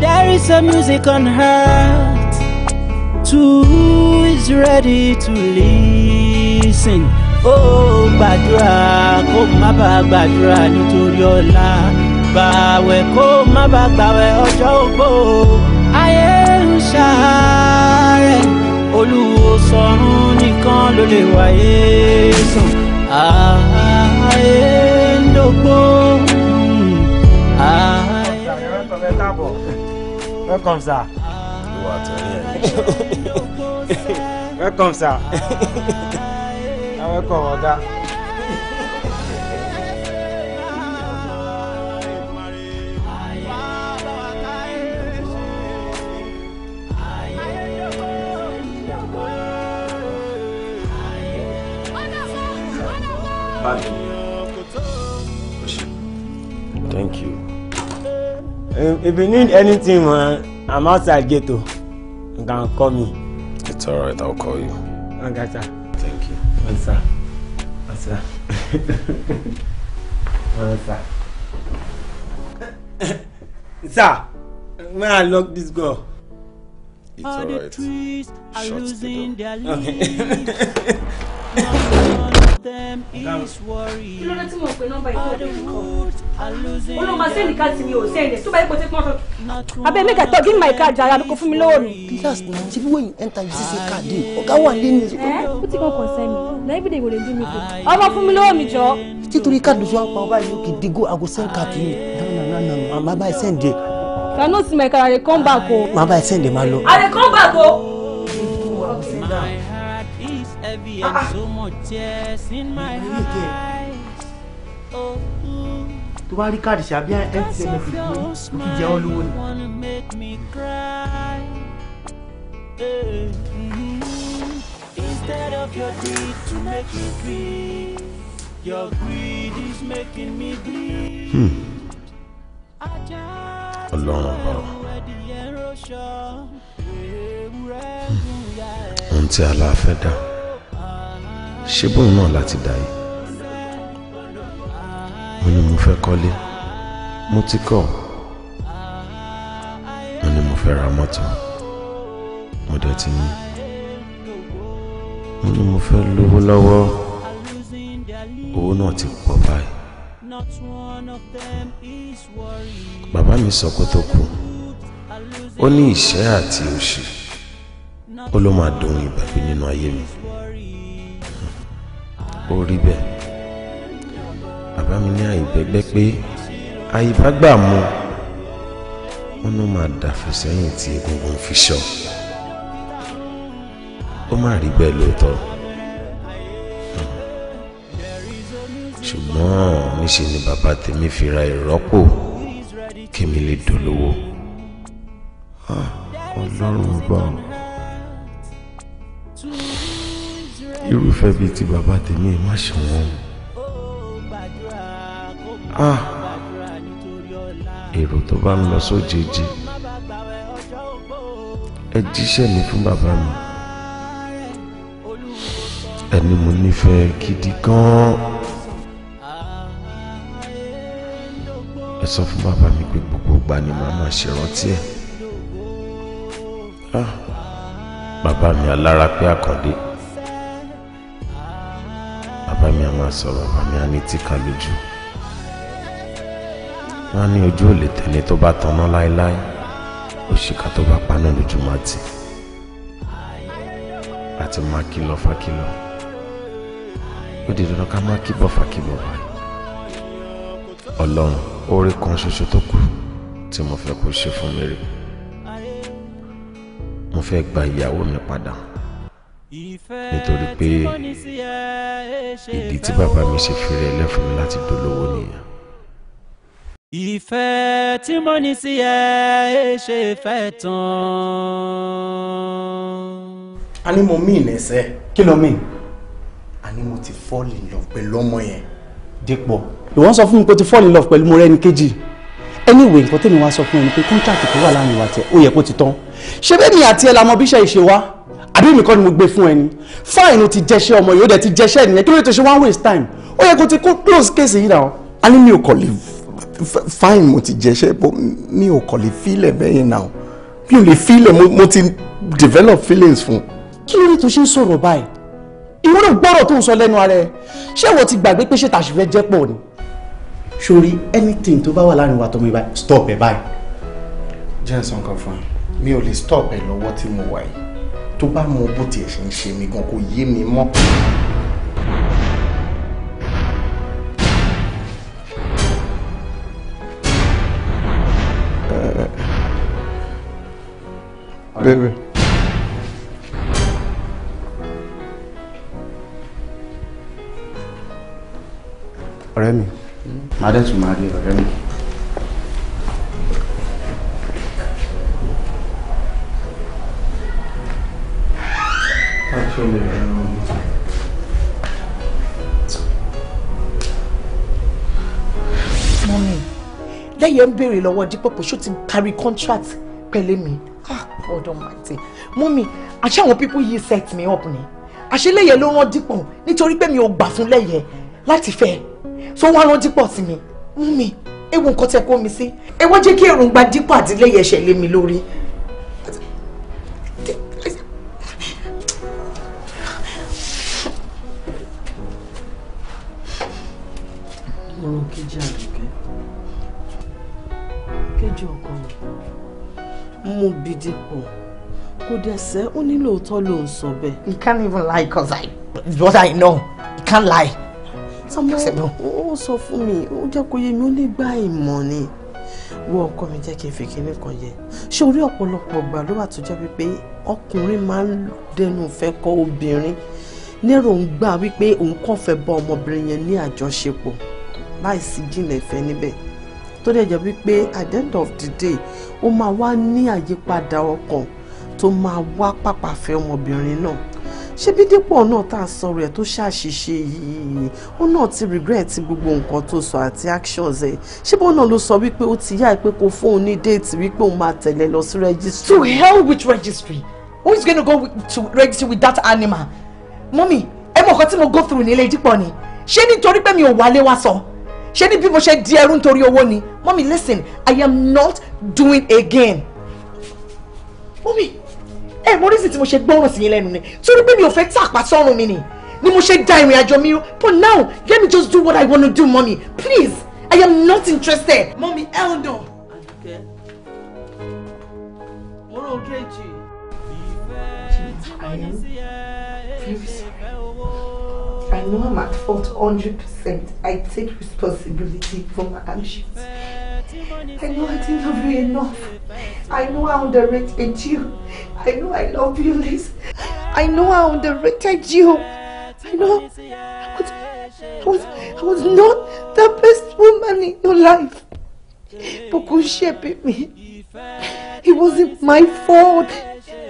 There is a music on heart who is ready to listen. Oh, gbàdúrà kó má bàa gbàdúrà nítorí ọ̀la. Gbàwẹ̀ kó má bàa gbàwẹ̀ ọjọ́ ogbó. Ayé ń ṣàárẹ̀, olúwo sọ̀run nìkan ló lè wáyé sàn. Ayé òpó. welcome sir. ìwà àtẹ̀yẹ. welcome sir. welcome ọ̀gá. Bye. Ah, Thank you. Eh, if you need anything, man, I'm outside ghetto. You can call me. It's all right. I'll call you. Okay, sir. Thank you. Yes, sir. Yes, sir. sir. Sir, may I lock this girl? It's alright. right. Shut the door. Okay. them is worry. kí ló dé tí mo pe nọ́mbà ìtọ́jú ó ló máa sẹ́ni káàtì mi ò sẹ́ni tó bá yẹ kó tẹ́ pọ́n fún. abẹ́ mi kàtọ́ give my card jàrà kó fún mi lówó mi. class na ṣe fi wọ́n yìí enter you ṣiṣẹ́ káàdì ọ̀gá wà lé ní. ẹ eh? ó ti kàn kàn sẹ́mi na everyday go dey do me good ọmọ fún mi lówó mi jọ. títorí káàdì ṣọ́ apá ọba yìí kì í digo àgọ́ send card to you na na na ma bá ẹ send ẹ. E. I no see I dey come back o. Oh. ma bá ẹ send ẹ e, ma I dey come back oh and so much yes in my eyes. Oh, tó bá rí káàdì sí abíyá fcm fi kú ni. Eh, mm-hmm. Instead of your greed to make me bleed, your greed is making me bleed. Hmm. Ọlọ́run ọba ọ ohun tí aláfẹ́ dá ṣé bóun náà láti dà yìí mo ní mo fẹ́ kọ́lé mo ti kọ́ mo ní mo fẹ́ ra mọ́tò mo dẹ̀ ti ní mo ní mo fẹ́ lówó lọ́wọ́ owó náà ti pọ̀ báyìí bàbá mi sọ kó tó kú ó ní ìṣẹ́ àti òṣì ó ló máa dohun ìgbàgbé nínú ayé mi ó rí bẹ́ẹ̀ bàbá mi ní àìbẹ́gbẹ́ pé àìbágbà mu wọn ló máa dàfẹ́ sẹ́yìn tí egungun fi ṣọ ó má rí bẹ́ẹ̀ lóòótọ́ ṣùgbọ́n níṣe ni bàbá tèmi fi ra ìrọ́pò kémi lè dolówó ah, ọlọ́run bá ọ. irúfẹ́ bíi ti bàbá tèmi má ṣe wọ́n o ah! èrò tó bá ń lọ sójèèjì ẹ jíṣẹ́ mi fún bàbá mi ẹni mo nífẹ̀ẹ́ gidi gan-an ẹ sọ fún bàbá mi pé gbogbo ìgbà ni màá máa ṣèrántí ẹ ah! bàbá mi alára pé àkàndé bàbá mi a máa sọ̀rọ̀ bàbá mi a ní tíkan lójú wọ́n á ní ojú ò lè tẹ̀lé tó bá tanná láéláé òṣìkà tó bá paná lójú máa tì àti máa kìlọ̀ fákìlọ̀ ó di dandan ká máa kíbọ̀ fákìbọ̀ báyìí ọlọ́run oore kan ṣoṣo tó kù tí mo fẹ́ kó ṣe fún mi rè mo fẹ́ gba ìyàwó mi padà nítorí pé ìdí tí bàbá mi ṣe fi rẹ̀ lẹ́fún mi láti dolówó nìyẹn. ìfẹ́ tí mo ní sí ẹ ẹ ṣe fẹ́ tán. a ní mo mí ìnẹsẹ. kí ló mí. a ní mo ti fall in love pẹ̀lú ọmọ yẹn. dípò ìwọ sọ fún mi pé o ti fall in love pẹ̀lú mo rẹ́ ẹni kejì anyway nǹkan tèmi wá sọ fún ẹ ni pé kọ́ńtàkì tó wà láàrin ìwà tẹ ó yẹ kó ti tán ṣé bẹ́ẹ̀ ni àti ẹ̀ la mọ bí iṣẹ́ ìṣe wa àbí mi kọ́ ni mo gbé fún ẹni fáìnì ti jẹ́ṣẹ́ ọmọ yìí ó dẹ̀ ti jẹ́ṣẹ́ nìyẹn kí ló tó ṣe one waste time ó yẹ kó ti close case yìí náà. a ní mi ò kọ̀ lè fáìnì mo ti jẹ́ṣẹ́ bó mi ò kọ̀ lè fílẹ̀ bẹ́yẹn náà mi ò lè fílẹ̀ mo ti develop feelings fún. kí ló dé tó ṣe ń sọ̀rọ̀ báyìí ìwọ náà gbọ́rọ̀ tó ń sọ lẹ́nu ara ẹ ṣé ìwọ ti gbàgbé pé ṣé tàṣìfẹ́ jẹ́ pọ̀ ni. sori anything tó bá wà láàrin wa tọmọ ibà stop ẹ báyìí. jẹ́ ǹsán kan fún mi mi ò lè stop ẹ lọ́wọ́ tí mo wà yìí tó bá mọ bó tiẹ̀ ṣe ń ṣe mí gan kò yé mi mọ́. Baby. ọ̀rẹ́ mi. Màá dẹ̀ tún máa rí ọ̀rẹ́ mi. Actually, um, Mọ́mí, lẹ́yìn ń béèrè lọ́wọ́ Dípọ̀pọ̀ ṣó ti parí contract pẹ̀lẹ́ mi. Ah, God almighty. Mọ́mí, àṣé àwọn people yìí set me up ni. Àṣé lẹ́yẹ ló rán Dípọ̀ nítorí pé mi ò gbà fún lẹ́yẹ láti fẹ́. So wọ́n á rán Dípọ̀ sí mi. Mọ́mí, ewu nǹkan tẹ kó mi sí. Ẹ wá jẹ́ kí èròǹgbà Dípọ̀ àti lẹ́yẹ ṣẹlẹ̀ mi lórí. mú bídí pọ̀ kò dẹ̀sẹ̀ ó ní lóòótọ́ ló ń sọ bẹ́ẹ̀. you can't even lie cause i it's what i know He can't lie. tọ́mọ ó sọ fún mi ó jẹ́ kó yé mi ó lè gba ìmọ̀ ni wọ ọkọ mi jẹ́ kí n fi kinní kan yẹ ṣé orí ọ̀pọ̀lọpọ̀ ọgbà ló wà tó jẹ́ wípé ọkùnrin máa ń dẹnu fẹ́ kọ obìnrin nírò ń gbà wípé òun kàn fẹ́ bá ọmọbìnrin yẹn ní àjọṣepọ̀ láìsí jìnà ìfẹ́ níbẹ̀ tó dẹ̀ jẹ́ wípé at the end of the day ó máa wá ní àyípadà ọkàn tó máa wá pàpà fẹ́ ọmọbìnrin náà ṣé bídípọ̀ náà tá a sọ̀rọ̀ ẹ̀ tó ṣàṣìṣe yìí ó náà ti regret gbogbo nǹkan tó sọ àti actions ẹ̀ ṣé bọ́n náà ló sọ wípé ó ti yá ẹ pé kó fóun ní déètì wípé òun máa tẹ̀lé lọ sí registry. to hell with registry who is gonna go with, to registry with that animal mummy ẹ mọ̀ nǹkan tí mo go through nílé ìdípọ̀ ni ṣé nítorí pé mi ò wálé wá sọ. So? ṣé ní bí mo ṣe di ẹrú nítorí owó ni mọ́mí listen i am not doing again mọ́mí ẹ mo reason tí mo ṣe gbọ́ràn sí yín lẹ́nu ni torí pé mi ò fẹ́ tàpá sọ́run mi ni ni mo ṣe da ìrìn àjò mi but now let me just do what i wanna do mọ́mí please i am not interested. mọ́mí eldon. àdùkẹ́ mo rò kejì. ìfẹ́ tí mo ní sí ẹ. I know I'm at fault 100%. I take responsibility for my actions. I know I didn't love you enough. I know I underrated you. I know I love you, Liz. I know I underrated you. I know I was, I was, I was not the best woman in your life. But could shape me. It wasn't my fault.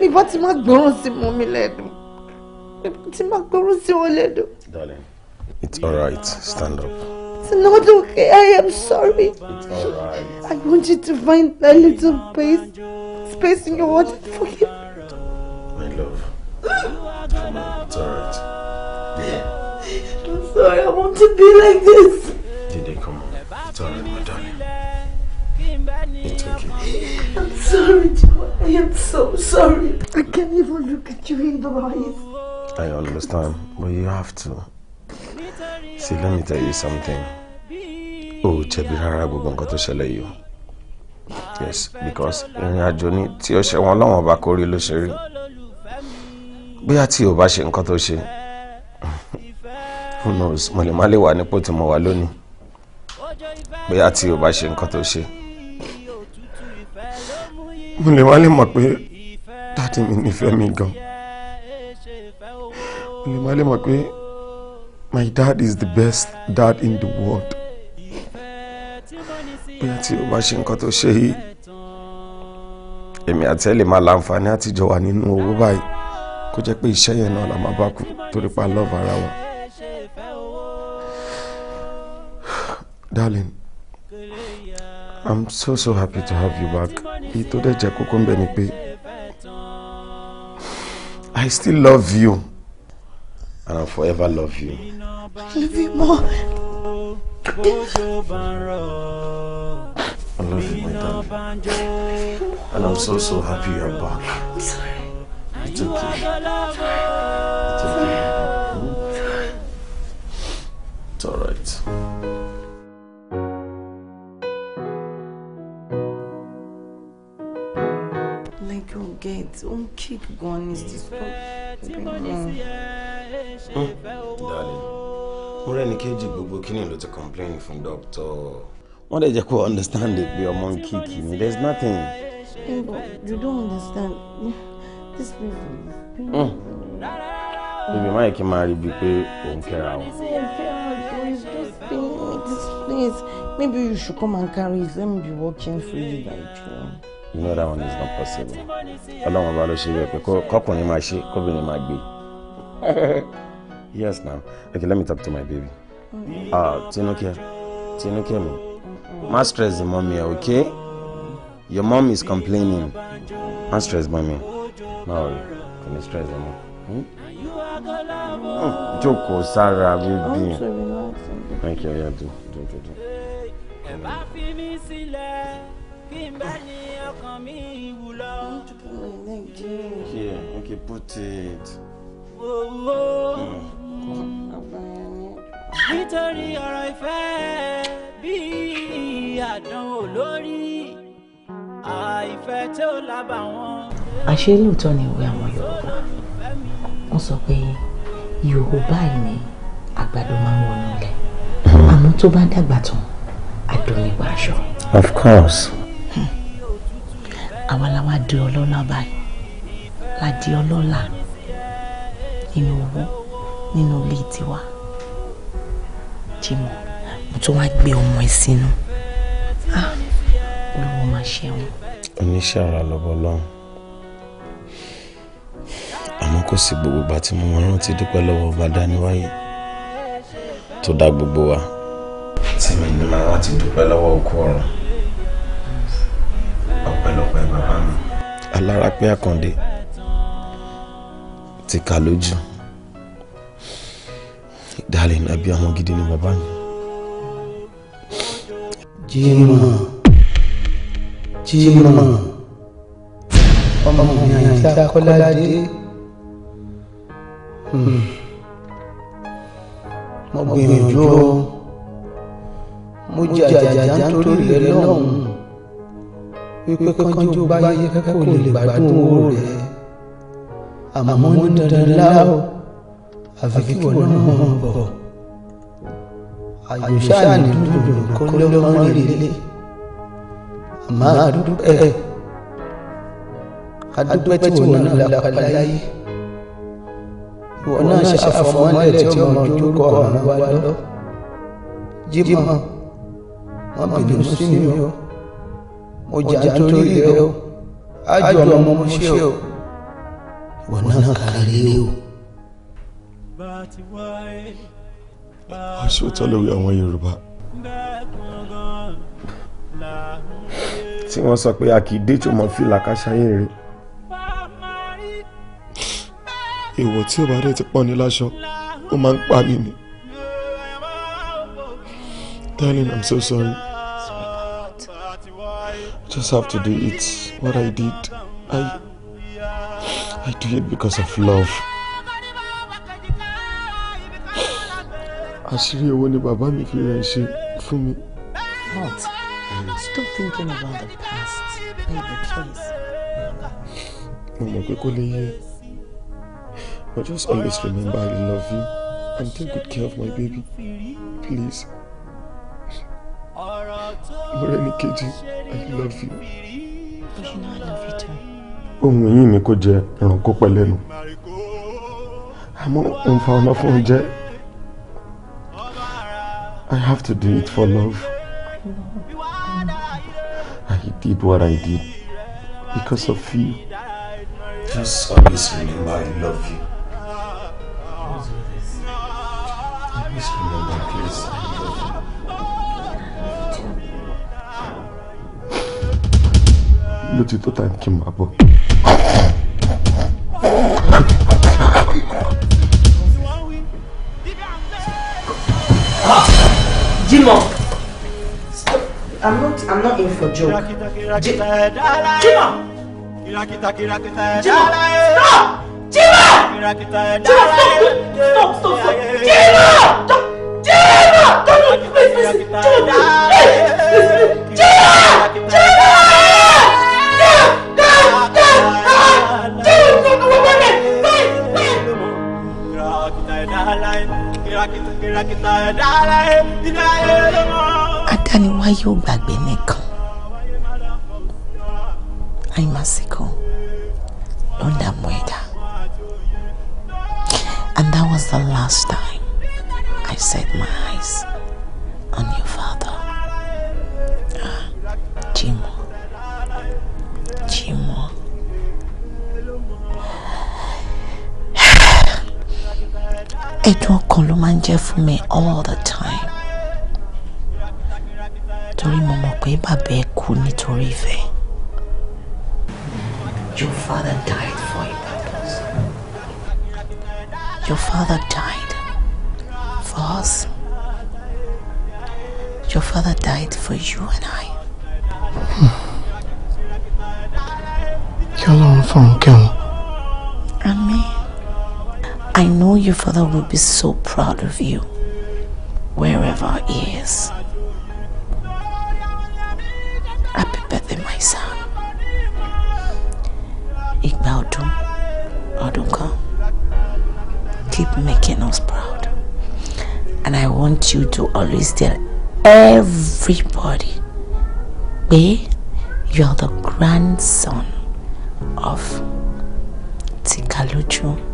Mi bá ti máa gbọ́ràn sí me. lẹ́nu. Mi bá ti máa gbọ́ràn Darling. It's alright. Stand up. It's not okay. I am sorry. It's alright. I want you to find a little space. Space in your heart for him. My love. Come on. It's alright. Yeah. I'm sorry. I want to be like this. Did they come on? It's alright, my darling. It's okay. I'm sorry, Joe. I am so sorry. I can't even look at you in the eyes. I understand, but you have to. See, let me tell you something. Oh, jẹ̀bi rárá gbogbo nǹkan tó ṣẹlẹ̀ Yes, because in àjò ni tí ó ṣe wọn lọ́wọ́n bá kórí ló ṣe rí. Bóyá tí who knows, mo lè má lè wà nípò tí mo wà lónìí. Bóyá tí o bá ṣe nǹkan tó ṣe. Mo lè ni màá lè my dad is the best dad in the world bóyá tí o bá ṣe nǹkan tó ṣe yìí èmi àti ẹ lè máa láǹfààní àtijọ́ wà nínú owó báyìí kó jẹ́ pé iṣẹ́ yẹn náà la máa bá kú torí pa love ara wa. darling i'm so so happy to have you back èyí tó dẹ̀ jẹ́ kókó ń bẹ̀ ni pé i still love you and I'll forever love you. I love you more. I love you, my darling. And I'm so, so happy you're back. I'm sorry. It's okay. It's okay. It's alright. Like your oh, gate, own oh, kick gone is this. Bring home. Hmm, darling mo rẹ́ni kejì gbogbo kíni ló ti complain fún doctor wọ́n dẹ̀ jẹ́ kó understand it pé ọmọ ń kíkì there is nothing. But you don't understand this baby. Mm. Bíbí máa kí n máa rí bíi pé òun kẹ́ra o. Please, maybe you should come and carry it. Let me be working for you like you. You know that one is not possible. Ọlọ́run ọba ló ṣe bẹ́ẹ̀ pé kọ́kùnrin máa ṣe kóbìnrin máa gbé. yes, now. Okay, let me talk to my baby. Mm. Uh, ah, Tinuke, Tinuke, me. Ma stress the mommy, okay? Your mom is complaining. Ma stress mommy. No, can you stress the mom? Hmm? Mm. Jókòó sára, baby. Thank you, yeah, do, do, do, do. Ẹ okay, put it gbogbo. nítorí ọ̀rọ̀ ìfẹ́ bí àdánwò lórí àìfẹ́ tó lábàwọ́n. àṣé lóòótọ́ ni ìwé àwọn Yorùbá wọ́n sọ pé Yorùbá yìí ni àgbàdo máa ń wọnú ilẹ̀ àmọ́ tó bá dàgbà tán àdóníwá aṣọ. of course. Hmm. àwa la wá di ọlọ́lá báyìí la di ọlọ́lá ìnáwó nínú ilé tiwa jìmọ̀ mo tún wá gbé ọmọ ẹ sínú ah, olówó máa ṣẹ̀wọ̀n. oníṣẹ́ ara lọ́bọ̀ lọ́hùn àmọ́ kò sí gbogbo ìgbà tí mo máa rántí dúpẹ́ lọ́wọ́ ọba dáníwáyé tó dá gbogbo wa tí mi ní máa rántí dúpẹ́ lọ́wọ́ òkú ọ̀run ọpẹ́lọpẹ́ bàbá mi. alárápẹ́ àkàndé ti kà lójú darling àbí ọmọ gidi ni bàbá mi. Jímọ̀ Jímọ̀ ọmọ mi àti Akọ́ládé hmm. mo gbìyànjú o mo jàjàjà nítorí rẹ lọ́hùn-ún wípé kánjú báyé kẹ́kọ̀ọ́ lè gbádùn owó rẹ̀ àmọ́ ní dandanlá o àfi kí wọn náà mọ̀ bọ̀ àyùṣáà ní dúdú kó lọ́mọ líle àmọ́ àdúpẹ́ àdúpẹ́ tí wọn náà lápá láyé ìwọ náà ṣàfọmọ́lẹ̀ tí ọmọ dúró ọ̀ràn wa lọ jímọ̀ wọn bìnú sí mi o mo jà nítorí rẹ ájọ ọmọ mo ṣe o wọn náà kárí o. aṣòótọ́ lórí àwọn Yorùbá tí wọ́n sọ pé a kì í dé tí mo fi làkàṣáyé rẹ̀. èèwọ̀ tí ó bá dẹ̀ ti pọ́n ní láṣọ ó máa ń pa mí ni. darling i'm so sorry. I just have to do it what I did I. I do it because of love. àṣírí owó ni bàbá mi fi rẹ̀ ṣe fún mi. But stop thinking about the past baby please. mo mọ̀ pé kò lè yé but just always remember I love you and take good care of my baby please. Moreni kejì I love you. But you know I love you too ohun yìí ni kò jẹ ìrànkó pẹ̀lẹ́nu àmọ́ òun fa ọ̀nà fún oúnjẹ I have to do it for love. I did what I did because of you. Just always remember I love you. Always remember, please, I love you. lótìtọ́ tá n kí n máa bọ̀. Jimo, I'm not, I'm not in for joke. Jima. Jima. Jima. stop! Jima. Jimo, stop, stop, stop, stop, Jima. Jima. Jima. Don't, please, please, Jima. Jima. Jimo! Jimo! why adániwáyé back gbàgbé nìkan àìmásìkò ló ń dààmú ẹ̀dá and that was the last time I set my eyes ẹ̀dùn ọkàn ló máa ń jẹ́ fún mi all the time torí mo mọ̀ pé bàbá ẹ kú nítorí ìfẹ́. Your father died for a purpose. Your father died for us. Your father died for you and I. kí ọlọ́run fọ̀rùn kẹ́hùn. I know your father will be so proud of you, wherever he is. Happy birthday, my son. Igba Odunka, keep making us proud. And I want you to always tell everybody, Bay, you are the grandson of Tikaluchu.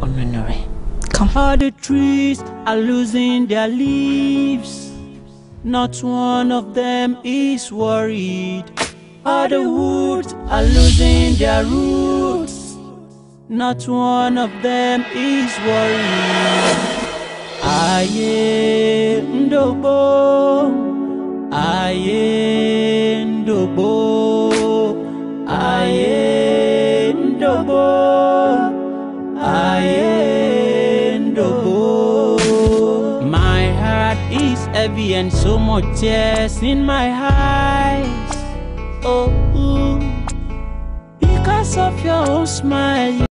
Come. All the trees are losing their leaves. Not one of them is worried. All the woods are losing their roots. Not one of them is worried. Aye, Ndobo. Aye. heavy and so much tears in my eyes. Oh, because of your smile.